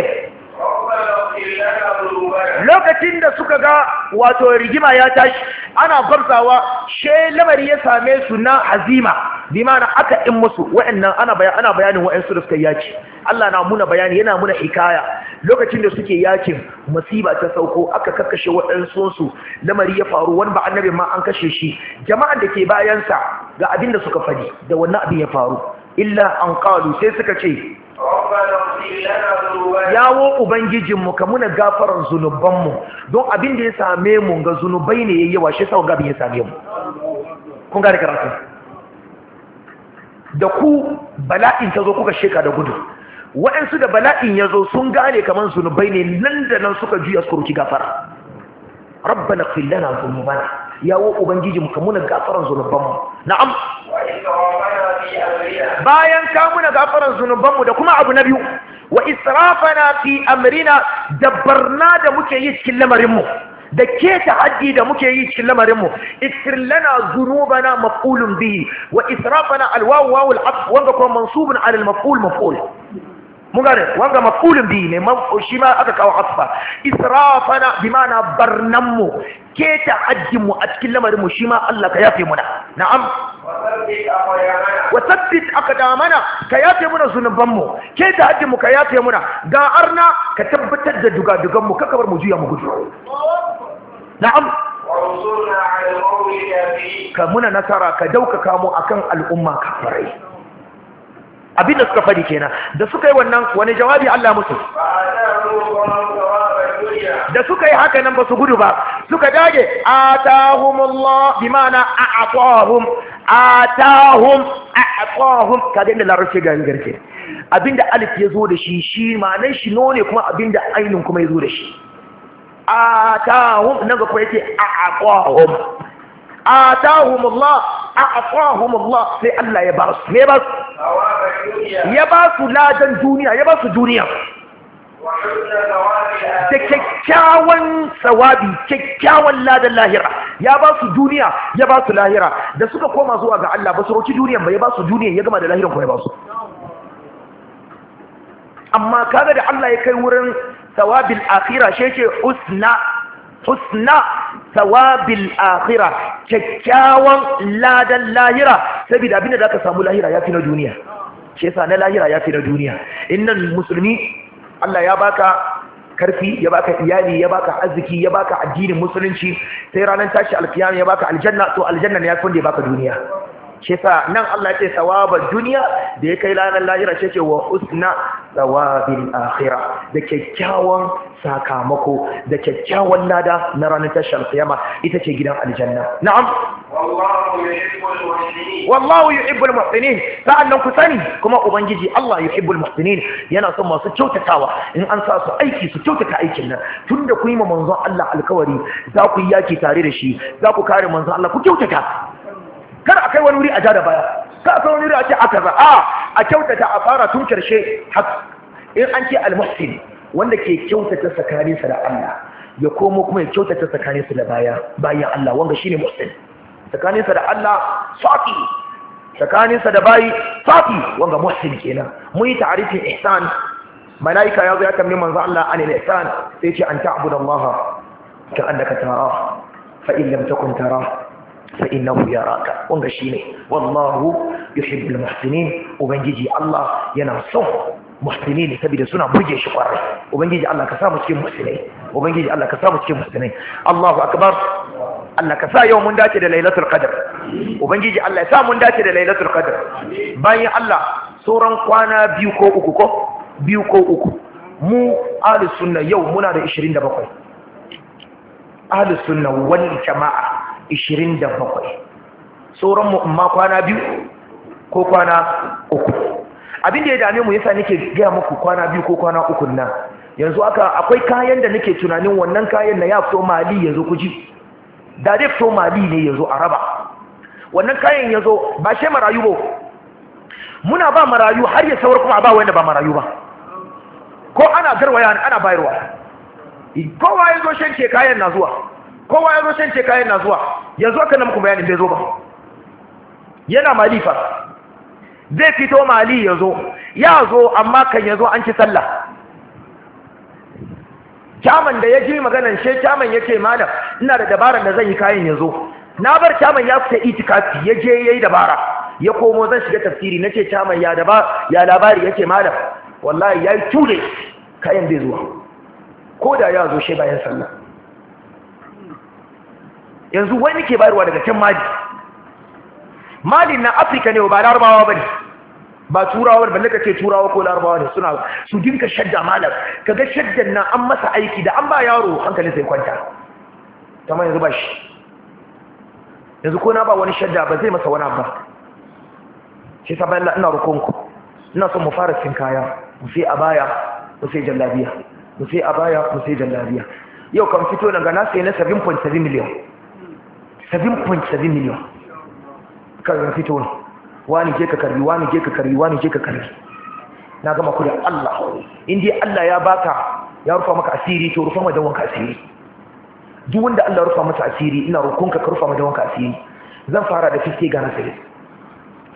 lokacin da suka ga wato rigima ya tashi ana gwamsawa she lamari ya same su na azima. bi mana aka in musu wa'annan ana bayani ana bayanin wa'ansu da suka yaci Allah na muna bayani yana muna hikaya lokacin da suke yakin masiba ta sauko aka kakkashe waɗansu su lamari ya faru wani ba annabi ma an kashe shi jama'an da ke bayansa ga abin da suka fadi da wannan abin ya faru illa an qalu sai suka ce yawo mu ka muna gafarar zunubanmu don abin da ya same mu ga zunubai ne yi yawa shi sau gabi ya same mu kun gane karatu da ku bala'in ta zo kuka sheka da gudu waɗansu da bala'in ya zo sun gane kamar zunubai ne nan da nan suka juya suka gafar? gafara rabbana qillana zunubana yawo ubangiji mu muna gafaran zunubanmu na'am bayan ka muna gafaran zunubanmu da kuma abu na biyu wa israfana fi amrina da barna da muke yi cikin lamarinmu da ke haddi da muke yi cikin lamarinmu ikir lana zunubana maf'ulun bihi wa israfana alwawu wawul wanda kuma mansubun alal maf'ul maf'ul mun wanga makulin bi ne aka kawo asfa israfana bi mana barnan mu ke ta mu a cikin lamarin mu Allah ka yafe muna na'am wa tabbit aqdamana ka yafe muna zunuban mu ke mu ka yafe muna ga arna ka tabbatar da duga-dugan mu kakabar mu juya mu gudu na'am ka muna nasara ka daukaka mu akan al'umma kafirai abin da suka fadi kenan da suka yi wannan wani jawabi Allah musu da suka yi haka nan ba su gudu ba suka dage atahumullah bi ma'ana a'tahum atahum a'tahum ga inda larabci ga garke abinda alif ya zo da shi shi ma'anar shi none kuma abinda ainin kuma ya zo da shi atahum nan ga kuma yake a'tahum atahumullah a'tahumullah sai Allah ya ba su me ba su ya ba su ladan duniya ya ba su duniya da kyakkyawan sawabi kyakkyawan ladan lahira ya ba su duniya ya ba su lahira da suka koma zuwa ga Allah ba su roki duniyan ba ya ba su duniyan ya gama da lahiran kuma ya ba su amma kaga da Allah ya kai wurin sawabil akhira shi ce husna husna sawabil akhira kyakkyawan ladan lahira saboda abinda da aka samu lahira ya fi na duniya shi yasa na lahira ya fi na duniya nan musulmi Allah ya baka karfi ya baka iyali ya baka arziki ya baka addinin musulunci sai ranar tashi alkiyama ya baka aljanna to aljanna ne ya fi wanda ya baka duniya shi sa nan Allah ce sawabar duniya da ya kai ranar lahira ce ce wa husna sawabin akhira da kyakkyawan sakamako da kyakkyawan lada na ranar tashar kiyama ita ce gidan aljanna na'am wallahu yuhibbul muhsinin nan ku sani kuma ubangiji Allah yuhibbul muhsinin yana son masu kyautatawa in an sa su aiki su kyautata aikin nan tunda ku yi ma manzon Allah alkawari za ku yi yaki tare da shi za ku kare manzon Allah ku kyautata kar a kai wani wuri a ja da baya kar a kai wani wuri a ce aka za a a kyautata a fara tun karshe haka in an ce almuhsin wanda ke kyautata tsakaninsa da Allah ya komo kuma ya kyautata tsakaninsa da baya bayan Allah wanda shine muhsin tsakaninsa da Allah safi tsakaninsa da bayi safi wanda muhsin kenan mun yi ta'arifin ihsan malaika ya zo ya tambaye manzo Allah an ihsan sai ce an ta'budu Allah ka annaka tara fa in lam takun tara fa innahu yaraka wanda shine wallahu yuhibbul muhsinin ubangiji Allah yana son muhsini ne saboda suna buge shi kwarai ubangiji Allah ka samu cikin muhsinai ubangiji Allah ka samu cikin muhsinai Allahu akbar Allah ka sa yau mun dace da lailatul qadr ubangiji Allah ya sa mun dace da bayan Allah sauran kwana biyu ko uku ko biyu ko uku mu ahlus sunna yau muna da 27 ahlus sunna wani jama'a 27 sauran mu ma kwana biyu ko kwana uku abin da ya dame mu yasa nake gaya muku kwana biyu ko kwana uku nan yanzu aka akwai kayan da nake tunanin wannan kayan na ya fito mali yanzu kuji da dai fito mali ne yanzu a raba wannan kayan yanzu ba shi marayu ba muna ba marayu har ya saurar kuma ba wanda ba marayu ba ko ana garwaya ana bayarwa kowa ya zo shanke kayan na zuwa kowa ya zo sai ce kayan na zuwa yanzu aka na muku bayanin bai zo ba yana malifa, zai fito mali ya zo ya zo amma kan ya zo an ci sallah kyaman da ya ji maganan shi kyaman ya ce malam ina da dabarar da zan yi kayan ya zo na bar kyaman ya fita itikafi ya je ya yi dabara ya komo zan shiga tafsiri na ce caman ya labari ya ce malam wallahi ya yi ture kayan bai zuwa ko da ya zo shi bayan sallah yanzu wani ke bayarwa daga can mali mali na afirka ne ba larabawa ba ne ba turawa ba laka ce turawa ko larabawa ne suna su dinka shadda malam kaga shaddan nan an masa aiki da an ba yaro hankalin sai kwanta kamar yanzu ba shi yanzu ko na ba wani shadda ba zai masa wani ba shi sa bayan ina rukun ku ina son mu fara cin kaya mu sai a baya mu sai jallabiya mu sai a baya mu sai jallabiya yau kan fito daga na sai na 7.7 miliyan 7.7 million karin fito ne wani je ka karbi wani je ka karbi wani je ka karbi na gama kudin Allah in dai Allah ya baka ya rufa maka asiri to rufa ma wanka asiri duk wanda Allah rufa masa asiri ina rokonka ka rufa ma wanka asiri zan fara da 50 gana cedis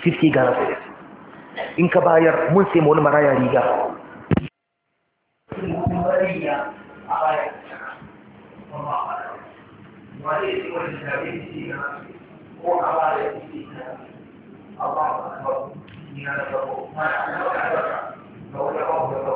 50 gana cedis in ka bayar mun sai wani maraya riga a وليس والكتابين فيها هو حوالي فيها الله أكبر من الفقه ما يعني هو يعتبر فهو يقوم بالفقه